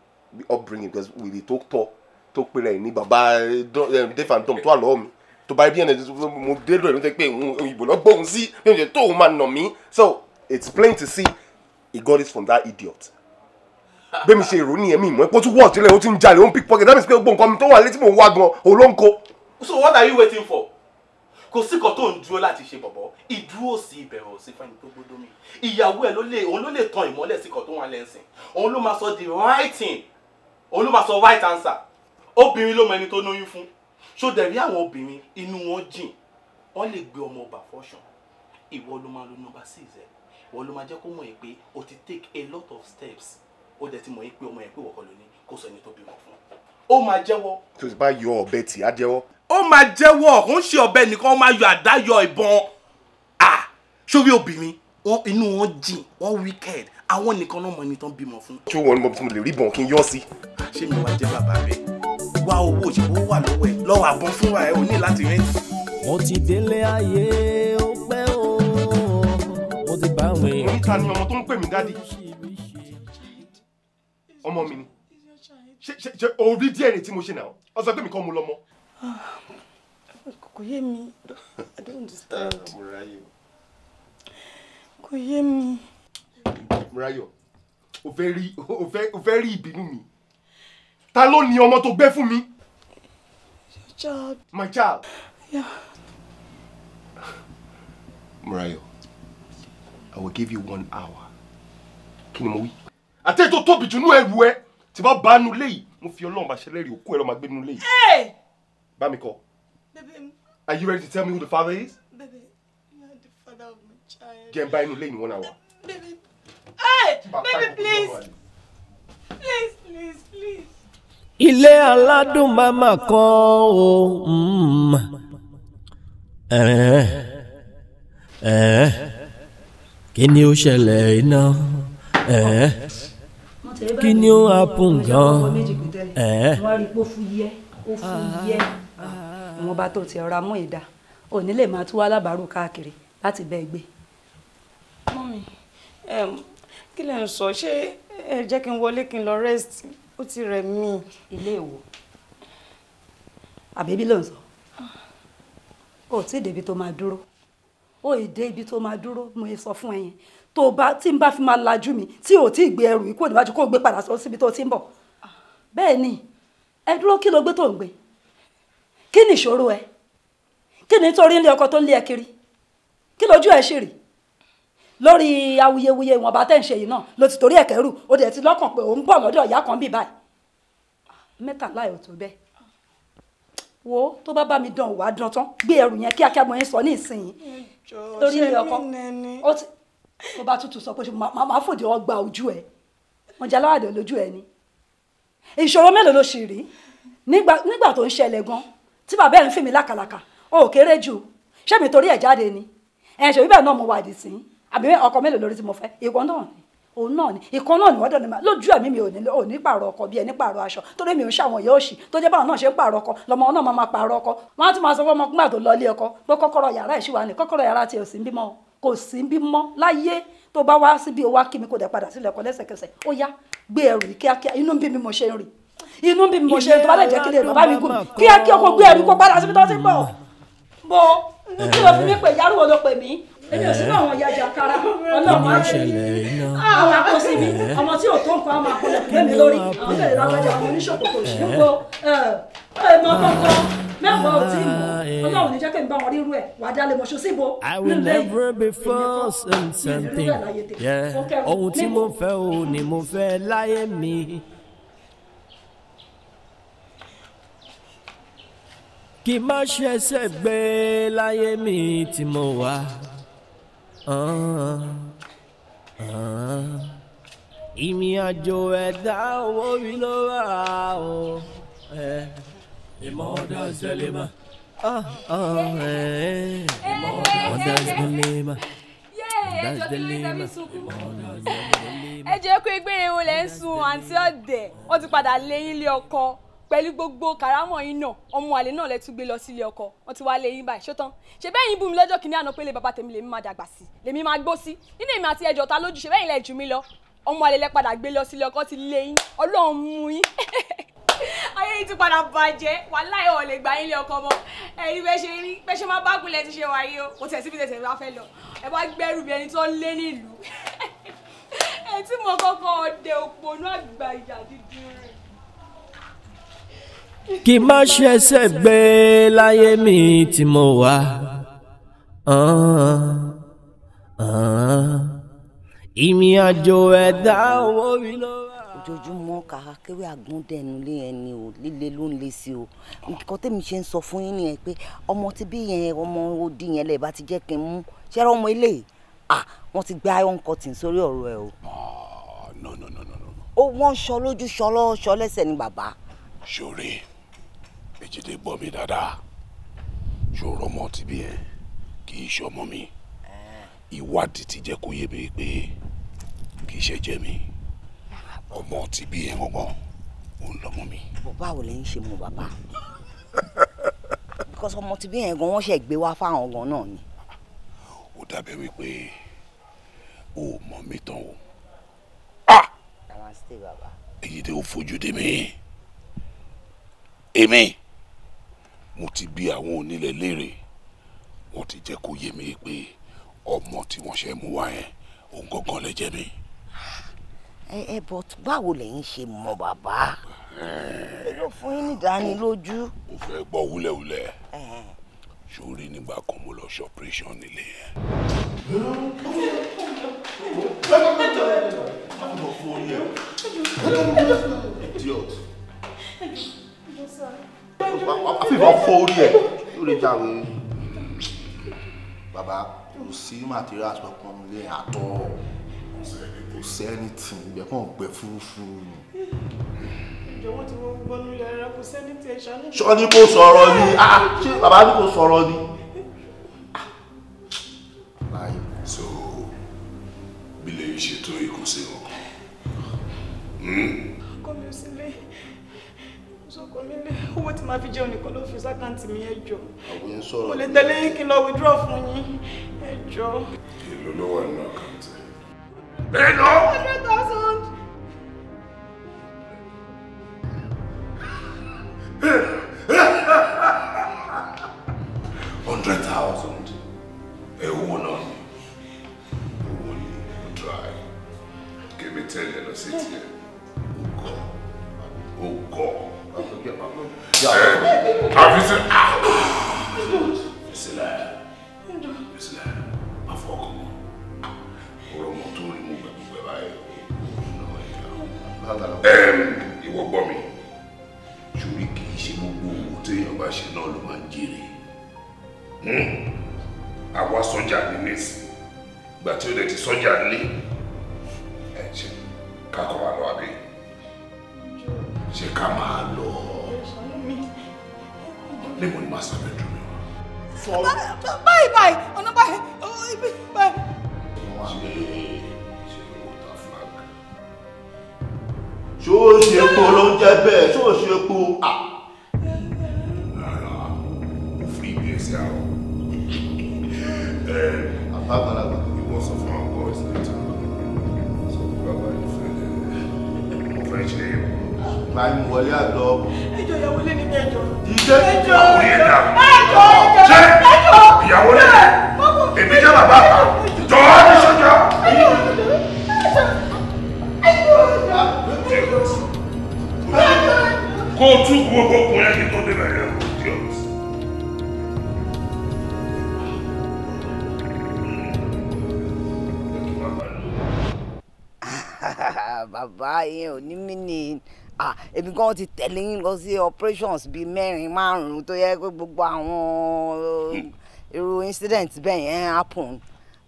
upbringing because wèrè tó tọ́ tó pèrè ní bàbá eh, def and dumb tó àlọ́ mi tó bá bí ẹni mo dé lórí mi tẹ́ pé òyìnbó lọ gbóhùn sí bí ẹni tó òun máa nà mí so it's plain to see he got it from that idiot bẹ́ẹ̀ mi ṣe èrò nìyẹn mi ìmọ̀ ẹ̀ pọ́tù wọ́ọ̀tì lẹ̀ ó ti ń jalè ó ń pickpocket that pé gbogbo nǹkan mi tó wà létí mò ń wá gan òun so what are you waiting for? kò sí kan tó ń dúró láti ṣe bọ̀bọ̀ ìdúró sí ìbẹ̀rù sí fẹ́ni tó gbódó mi ìyàwó ẹ̀ ló lè òun ló lè tan ìmọ́lẹ̀ sí kan tó wà lẹ́sìn òun ló máa sọ the right thing òun ló máa sọ right answer obìnrin ló mọ ẹni tó lóyún fún ṣó dẹ̀ rí àwọn obìnrin inú wọn jìn wọ́n lè gbé ọmọ ọba fọ́ṣàn ìwọ ló máa lo number six ẹ̀ ìwọ ló máa jẹ́ kó mọ̀ ẹ́ pé o ti take a lot of steps ó dẹ̀ ti mọ̀ yín pé ọmọ yẹn pé wọ́kọ̀ ló ní kó sọ ẹni tó bímọ fún ó máa jẹ́wọ́. tó o bá yọ ọ̀bẹ tì á jẹ́wọ́. ó máa jẹ́wọ́ kò ń ṣe ọ̀bẹ nìkan ó máa yọ àdá yọ ìbọn à sórí obìnrin inú wọn jìn wọn wicked àwọn nìkan náà mọ ẹni tó ń bímọ fún. tí wọn mọ bí mo lè rí ìbọn kí n yọ sí. ṣé mi wá jẹ bàbá rẹ wá owó òṣèlú wà lọ́wọ́ ẹ lọ́wọ́ àbọn fúnra ẹ ò ní láti rẹ́ǹtì. mo ti délé ayé ó pẹ́ o mo ti bá àwọn èèyàn. oríta ni ọmọ tó ń pè mí dádì ọmọ mi ni ṣe ṣe ṣe orí díẹ̀ ni tí mo ṣe náà ọ pé mi kọ́ mo lọ́mọ. kò yé mi i don't understand. Ah, kò yé mi. Murayo o fẹ́ rí o fẹ́ o fẹ́ rí ìbínú mi ta ló ní ọmọ tó gbé fún mi. your child. my child. Yeah. Murayo i will give you one hour kí ni mo wí àtẹ́yìn tó tóbi jù nú ẹrù ẹ tí bá bá nu léyìí mo fi ọlọ́run àṣẹ lẹ́rìí òkú ẹ̀rọ máa gbé nu léyìí. bá mi kọ. are you ready to tell me who the father is? baby you are the father of my child. jẹ́ n bá inú léyìí ní one hour. baby hey, baby please please please please. ilé aládùn màmá kan o ẹ̀ẹ́ mm. ẹ̀ẹ́ eh, eh. kí ni ó ṣẹlẹ̀ iná ẹ̀ẹ́. Eh kí ni ó happen gan. wọ́n á rí pé ó fún yẹ́ ó fún yẹ́ ah. àwọn ọba tó ti ọ̀rá mú ìdá òní lè máa tú wá lábàárù káàkiri láti bẹ́ẹ̀ gbé. mọ́mí kí lẹ ń sọ ṣé ẹ jẹ́ kí n wọlé kí n lọ rest ó ti rẹ̀ mí. ilé ìwò àbíbí ló ń sọ ah. ó tí ì débi tó máa dúró ó ì dé tó máa dúró mo sọ fún ẹ̀yin tó bá tí n bá fi máa lajú mi tí ò tí ì gbé ẹrù yìí kúrò níwájú kó o gbé padà sọ síbi tó ti ń bọ̀ bẹ́ẹ̀ ni ẹ dúró kí ló gbé tó ń gbé kí ni ìṣòro ẹ kí ni nítorí ilé ọkọ tó ń lé ẹ kiri kí lójú ẹ ṣì rí lórí awuyewuye ìwọ̀nba tẹ́ ń ṣe yìí náà ló ti torí ẹ̀kẹ́ rù ó dẹ̀ ti lọ́kàn pé òun bọ̀ lọ́dọ̀ ìyá kan bíi báyìí mẹ́tàlá ẹ̀ ò tó bẹ́ẹ̀ wo tó bá bá mi dán òwà dán tán gbé ẹrù yẹn kíákíá mo ń sọ ní ìsinyìí torí ilé ọkọ ó ti mo bá tútù sọ pé ṣe máa fòdì ọgbà ojú ẹ wọn jẹ aláwàdà lójú ẹ ni ìṣòro mélòó ló ṣì rí nígbà tó ń ṣẹlẹ̀ gan tí bàbá ẹ̀ ń fìmí lákàlàkà ó kéré jù ṣé mi torí ẹ̀ jáde ni ẹ̀ ṣe bíbẹ̀ náà mo wà dì sí àbí ọkọ mélòó lórí tí mo fẹ́ ìkan náà ni òun náà ni ìkan náà ni wọ́n dọ̀ ní ma lójú ẹ̀mí mi ò ní ò ní pààrọ̀ ọkọ bí ẹni pààrọ̀ aṣọ torí mi ò ṣàwọn ìyá òṣì tó jẹ́ báwọn náà ṣe ń pààrọ̀ ọkọ lọmọ náà máa pààrọ̀ ọkọ wọ́n á tún máa sọ fún ọmọ kúmà tó lọ ọkọ pé kọ́kọ́rọ́ yàrá ìṣìwà ni kọ́kọ́rọ́ yàrá tiẹ̀ ò sí ń bímọ kò sí bí mọ́ láyé tó bá wá síbi ó wá kí mi kò dẹ̀ padà sílẹ̀ kọ́ lẹ́sẹ̀kẹsẹ̀ ó yá gbé ẹrù yìí kíákíá inú bí mi mo ṣe ń rí inú bí mi mo ṣe ń rí tó bá lẹ̀ jẹ́ kí lè bàbá mi gùn kíákíá kò gbé ẹrù kó padà síbi tó ti bọ̀ bọ̀ kí ló fi mí pè yàrá wo ló pè mí èmi ò sínú àwọn ìyá jàkárà ọlọ́run á ṣe ah, àwọn àkọsí mi ọmọ tí ò tó nǹkan á máa kọlẹ̀ lé mi lórí àwọn ìbẹ̀rẹ̀ lágbájá àwọn oníṣòkòkò ìṣòkò ẹ̀ẹ́dẹ́gbọ́n kankan mẹ́wàá ò tí mọ̀ ọlọ́run ní jẹ́kẹ́ ń bá wọn rírú ẹ̀ wà á dálé mọ̀ ṣòsì bò nílé be ẹ̀ láyé tèmi ohun tí mo fẹ́ o ni mo fẹ́ láyé mi. kì má ṣẹ̀ṣẹ̀ gbé láyé mi tí mo wà. Ah, ah. ìmì àjò ẹ̀dá owó mi ló wà o. Eh. Immortal Selima. Oh, oh, hey. Immortal Selima. ẹ jẹ́ pé gbére wo lẹ́ ń sun àǹtí ọ̀dẹ̀ wọ́n ti padà lé yín lé ọkọ pẹ̀lú gbogbo kàrámọ̀ yín náà ọmọ àlè náà lẹ́ tún gbé lọ sílé ọkọ wọ́n ti wá lé yín báyìí ṣótán ṣe bẹ́ẹ̀ yín bú mi lọ́jọ́ kìíní àná pé lè bàbá tèmi lèmi máa dàgbà sí lèmi máa gbó sí nínú èmi àti ẹjọ́ ta lójú ṣe bẹ́ẹ̀ yín lẹ́ jù mí lọ ọmọ àlè lẹ́ padà gbé lọ sílé ọkọ ti lé yín ọlọ́run mú yín ayé yìí ti padà bàjẹ́ wàhálà ẹ̀ ò lè gbà yín lé ọkọ mọ́ ẹ̀yin bẹ́ẹ̀ ṣe rí bẹ́ẹ̀ ṣe máa bá gúnlẹ̀ ti ṣe wáyé o kò tẹ̀ síbi tẹ̀sẹ̀ bá fẹ́ lọ ẹ bá gbẹ́rù bí ẹni tó ń lé nílùú ẹ tí mo kọ́kọ́ ọdẹ òpònú àgbà ìyá dídí rẹ̀. kì í má ṣẹ̀ṣẹ̀ gbé láyé mi tí mo wà ìmì àjò ẹ̀dá owó mi lọ ojoojúmọ́ kàkà kéwé àgúndẹ̀nu lé yẹn ni o líle ló ń le sí o nǹkan tẹ́mi ṣe ń sọ fún yín nìyẹn pé ọmọ tí bí yẹn ọmọ odi yẹn lẹ̀ bá ti jẹ́ kí n mú ṣẹ́rọ ọmọ ilé ah wọ́n ti gbé iron curtain sórí ọ̀rọ̀ ẹ o. Ah, no no no no no. ó wọ́n ṣọ lójú ṣọ lọ́ọ́ ṣọ lẹ́sẹ̀ ni bàbá. ṣòre èjìdé gbọ́ mi dáadáa ṣòro ọmọ tí bí yẹn kì í ṣe ọmọ mi ìwádìí ti jẹ́ kó yé mi pé kì í ṣe jẹ́ mi ọmọ ti bí yẹn gangan òun lọmọ mi. báwo lẹ ń ṣe mọ bàbá because ọmọ ti bí yẹn gan wọ́n ṣe gbé wá fáwọn ọgbọ̀n náà ni. ó dàbẹ̀ wípé o ò mọ mi tán o. Ah! èyí tí ó fojú dé mi èmi mo ti bí àwọn onílẹ̀ léèrè wọ́n ti jẹ́ kó yé mi pé ọmọ tí wọ́n ṣe mú wá yẹn òun gangan lè jẹ́ mi ẹ ẹ bọ báwo lẹ̀yin ṣe mọ bàbá ẹ ló fún yín nídánilójú. mo fẹ́ gbọ́ wúlẹ̀wúlẹ̀ sórí nígbà kan mo lọ ṣe operation nílé yẹn. àfihàn fọ orí ẹ lórí ìjàrún bàbá kò sí materials kankan àtọ kò sí anything ibẹ̀ kàn gbẹ fúrufúru ni. ìjọwọ́ tí wọ́n gbọ́nú yàrá kò sẹ́ni tí ẹ ṣàlùmọ́. sọ́ni kò sọ̀rọ̀ ni ah, ṣé bàbá ní kò sọ̀rọ̀ ni. so bí lè ṣe tó ikú sí wọn. Hmm? ọkọ mi ò sí lé sọkọ mi lé owó tí màá fi jẹun nìkan ló fi sákàǹtì mi ẹ jọ mo lè tẹ̀lé kí n lọ withdraw fún yín ẹ jọ. èlò ló wà nínú àkàǹtì. Hello? 100,000! Hundred thousand. A woman. Only try. Give me ten and I sit here. Oh God. Oh God. Have you seen? Ah! It's a lie. ọmọ tó rí mú gbẹ̀gbẹ̀ báyìí ìwọ gbọ́ mi ṣùgbọ́n kì í ṣe gbogbo owó téèyàn bá ṣe náà ló máa ń jèrè hmm? àwa sọ́jà ní nẹ́sì ìgbà tí ó dẹ̀ ti sọ́jà nílé ẹ̀ ṣe kakọ̀ wà lọ́wọ́ bí ṣe ká máa lọ níbo ni màá sábẹ́ dùn mí. báyìí báyìí ọ̀nà báyìí ibi báyìí wà bẹ́ẹ̀. ṣó o ṣe epo ló ń jẹ́ bẹ́ẹ̀ ṣó o ṣe epo à. rárá mo fi ibi ẹsẹ̀ àwọn. àbá àgbàlagbà. ìwọ sọ fún àwọn boys later sọ fún bàbá yìí fẹ́ lẹ́nu mo fẹ́ ṣe é báyìí wọlé àlọ. ẹjọ ìyàwó lé ní mẹ́jọ. ìṣe ẹjọ ẹjọ ẹjọ ẹjọ ìyàwó lé. èmi jẹ́ bàbá àtà jọ́ọ́. kó o tún gbogbo ọkùnrin ẹni tó débẹ̀ yẹn kò tí ọ̀rọ̀ sí. bàbá ò ní mí ni èmi gan ti tẹ̀lé yín lọ sí operations bíi mẹ́rin márùn-ún tó yẹ pé gbogbo àwọn eh, irú incident bẹ́ẹ̀ yẹn happen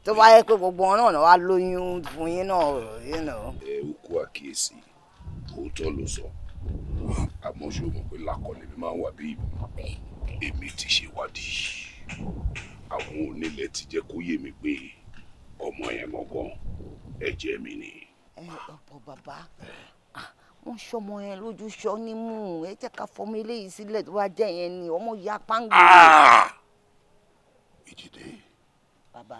tó bá yẹ pé gbogbo wọn náà wá lóyún fún yín náà. ẹ ò kú àkíyèsí òótọ́ ló sọ. So àmọ́ ṣé o mọ̀ pé lákọlẹ̀ mi máa ń wà bí ìbọn èmi ti ṣe wádìí àwọn onílẹ̀ ti jẹ́ kó yé mi pé ọmọ yẹn gangan ẹ̀jẹ̀ mi ni. ẹ ọ̀pọ̀ bàbá wọ́n ṣọmọ yẹn lójú ṣọ nímú ẹ jẹ́ ká fọmọ eléyìí sílẹ̀ tó bá jẹ́ yẹn ni ọmọ ya páńgò. Ah! ìjìdé. bàbá.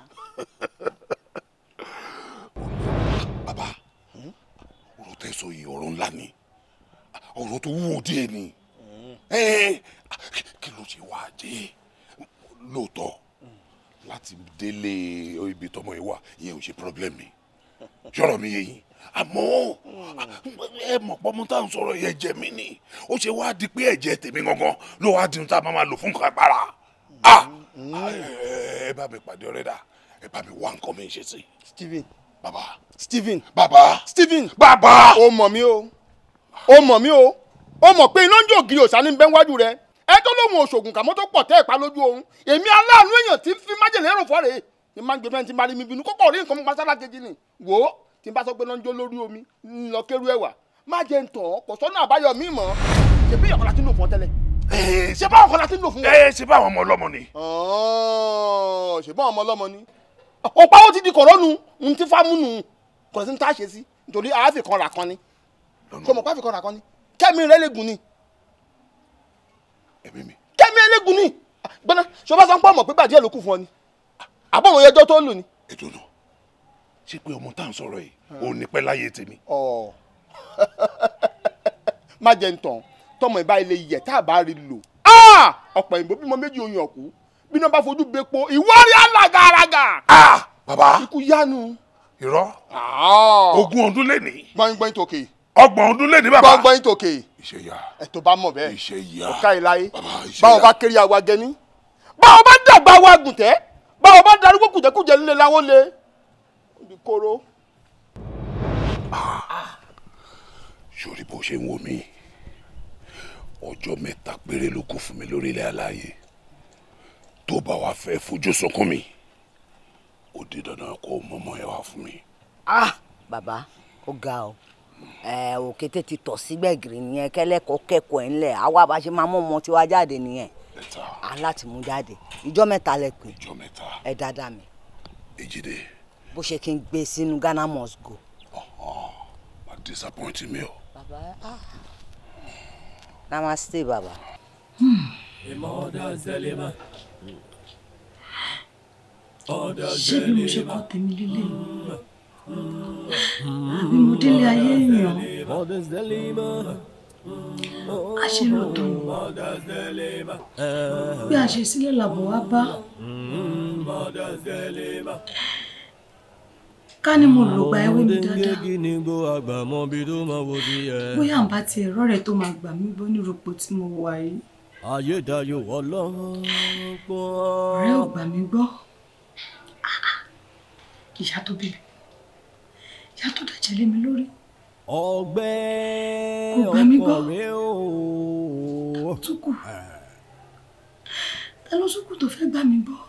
bàbá ọ̀rọ̀ tẹ́ sọ yìí ọ̀rọ̀ ńlá ni ọ̀rọ̀ tó wúwo díẹ̀ ni mm. kí ló ṣe wá dé lóòótọ́ láti délé ibi tọmọ yìí wà ìyẹn ò ṣe problem mi ṣọ̀rọ̀ mi yẹ yín àmọ́ ẹ mọ̀ pọ́nmú tá à ń sọ̀rọ̀ yẹn jẹ mí ni ó ṣe wá di pé ẹ̀jẹ̀ tèmi gangan ló wá di ohun tá a máa lò fún kápára mm-hmm. ah! ẹ bá mi pàdé ọ̀rẹ́ dà ẹ bá mi wá nǹkan mi ṣe sí. Stephen. baba. Stephen. baba. Stephen. baba. o mọ̀ mi o o mọ̀ mí o o mọ̀ pé iná ń jò gírí òsán ní bẹ́ẹ̀ wájú rẹ ẹ tó lóun òṣògùn kàmọ́ tó pọ̀ tẹ́ ẹ̀ pa lójú oorun èmi aláàánú èèyàn ti fi májèlé rò fọ́ọ̀rẹ́ ni máa ń gbé mẹ́rin ti máa rí mi bínú kókó rí nǹkan mú pátá lákejì ni wò ó tí n bá sọ pé ló ń jó lórí omi ń lọ kéru ẹ̀wà má jẹ ń tàn ọ́ kò sọ́nà àbáyọ mi mọ̀ ṣèbí ìyàwó la ti ń lò fún ọ tẹ́lẹ̀ eh. ṣe báwọn kan la ti ń lò fún ọ. Eh, ṣe báwọn ọmọ ọlọmọ ni. ṣe báwọn ọmọ ọlọmọ ni. ọ̀pá ó ti di kọ̀rọ́nù ń ti fámúnù kò ń tá a ṣe sí nítorí àáfì kan rà kan ni kò mọ̀ pàfikọ́ nà kan ni kẹ́mi rẹ lẹ́gùn ni. ẹ̀mí mi. kẹ́mi rẹ lẹ́gùn ni gbọ́dọ̀ ṣé o bá sọ ń pọ̀ mọ̀ pé bàjẹ́ ló kù fún ọ ni àbọ̀ òun yẹjọ́ tó ń lù ni. ètò nù ṣé pé ọmọ tá à ń sọ̀rọ̀ yìí òun ní pẹ́ láyé tèmi. ọ̀ má jẹ́ ntàn tọmọ ẹ̀ bá ilé yẹ tá a bá rí lò ọ̀pọ̀ ìbò bímọ méjì oyin ọ̀kú bí náà bá fojú bepo ìwọ́rí alágaraga. bàbá ikú yánu. irọ́ ogún ọdún lẹ́nìí. gbọ́n gbọ́n tókè ọgbọ̀n ọdún lé ní bàbá. gbọ́ngbọ́n yín tòkè. ya, ẹ̀tọ́ bá mọ̀ bẹ́ẹ̀. ìṣèyà ọ̀ka ìláyé. báwo bá kéré àwa gẹ́ni. báwo bá dàgbà wa gùntẹ́. báwo bá darúgbó kùjẹ́kùjẹ́ nílé làwọn lè. ibi kóró. Ah. sori bó ṣe ń wo mi ọjọ́ mẹ́ta péré ló kù fún mi lórílẹ̀ aláyé tó bá wa fẹ́ fojú sunkún mi ó di dandan kó mọ́mọ́ ẹ wá fún mi. ah bàbá ó ga o òkété ti tọ̀ sí gbẹ̀gìrì nìyẹn kẹ́lẹ́kọ̀ọ́ kẹ́kọ̀ọ́ ẹ̀ ńlẹ̀ àwa bá ṣe máa mú ọmọ tiwa jáde nìyẹn à láti mú jáde ìjọ mẹ́ta lẹ pé ìjọ mẹ́ta ẹ dáadáa mi. èjìdé. bó ṣe kí n gbé sínú Ghana must go. ọ̀hún disappoint mi o. bàbá ah namaste bàbá. ṣé bí mo ṣe kọ́ tèmi lílé mi àbí mo délé ayé èèyàn a ṣe rọtò bí a ṣe sílẹ̀ làbọ̀ wá bá ká ní mo lò gba ẹwé mi dáadáa bóyá n bá ti ẹ̀rọ rẹ̀ tó máa gbà mí gbọ́ ní rògbò tí mo wà yìí. ayédáyò ọlọ́gbọ́n. ọ̀rẹ́ ò gbà mí gbọ́ ìyá tó bí mi ìyá tó dẹ̀jẹ̀ lé mi lórí. ọgbẹ́ ọkọ rẹ o. tukù ta ló tukù tó fẹ́ gbà mí gbọ́.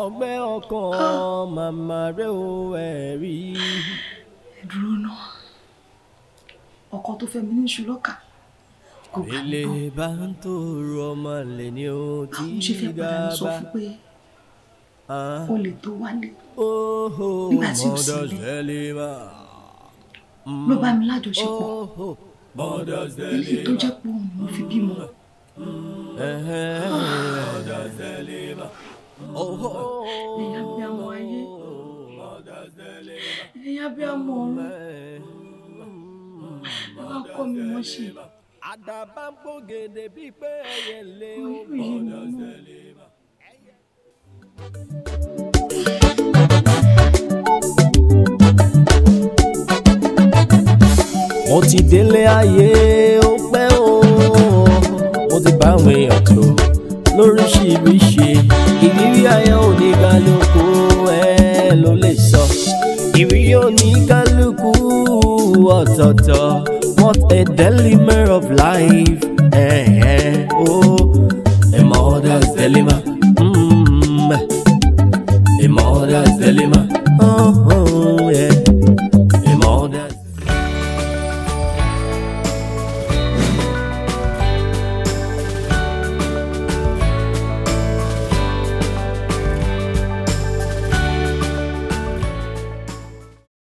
ọgbẹ́ ọkọ ah. màmá rẹ o ẹ̀ rí. ẹ dúró náà ọkọ tó fẹ́ mi ní iṣu lọ́kà kò gbà mí gbọ́. ilé bá ń tó rọ ọmọ lè ní o tí ì gbà bá. àwọn ṣe fẹ́ padà sọ fún pé olè tó wálé nígbà tí ò sílẹ̀ ló bá mi lájọṣepọ̀ èyí tó jẹ́ pé òun ló fi bímọ. ẹ̀yà bí amọ̀ ayé ẹ̀yà bí amọ̀ ọ̀run ẹ̀ wá kọ́ mi mọ́ ṣe. àdàbà ń bíi pé ẹyẹ lé ó bọ̀ dọ̀sẹ̀ lè bá mo ti délé ayé ó pẹ́ o mo ti bá àwọn èèyàn tó lóríṣiríṣi ìrírí ayé oníkálukú ẹ ló lè sọ ìrírí oníkálukú ọ̀tọ̀ọ̀tọ̀ what a dilemma of life ẹ ẹ o a mother's dilemma. Lima. Em horas de oh. oh.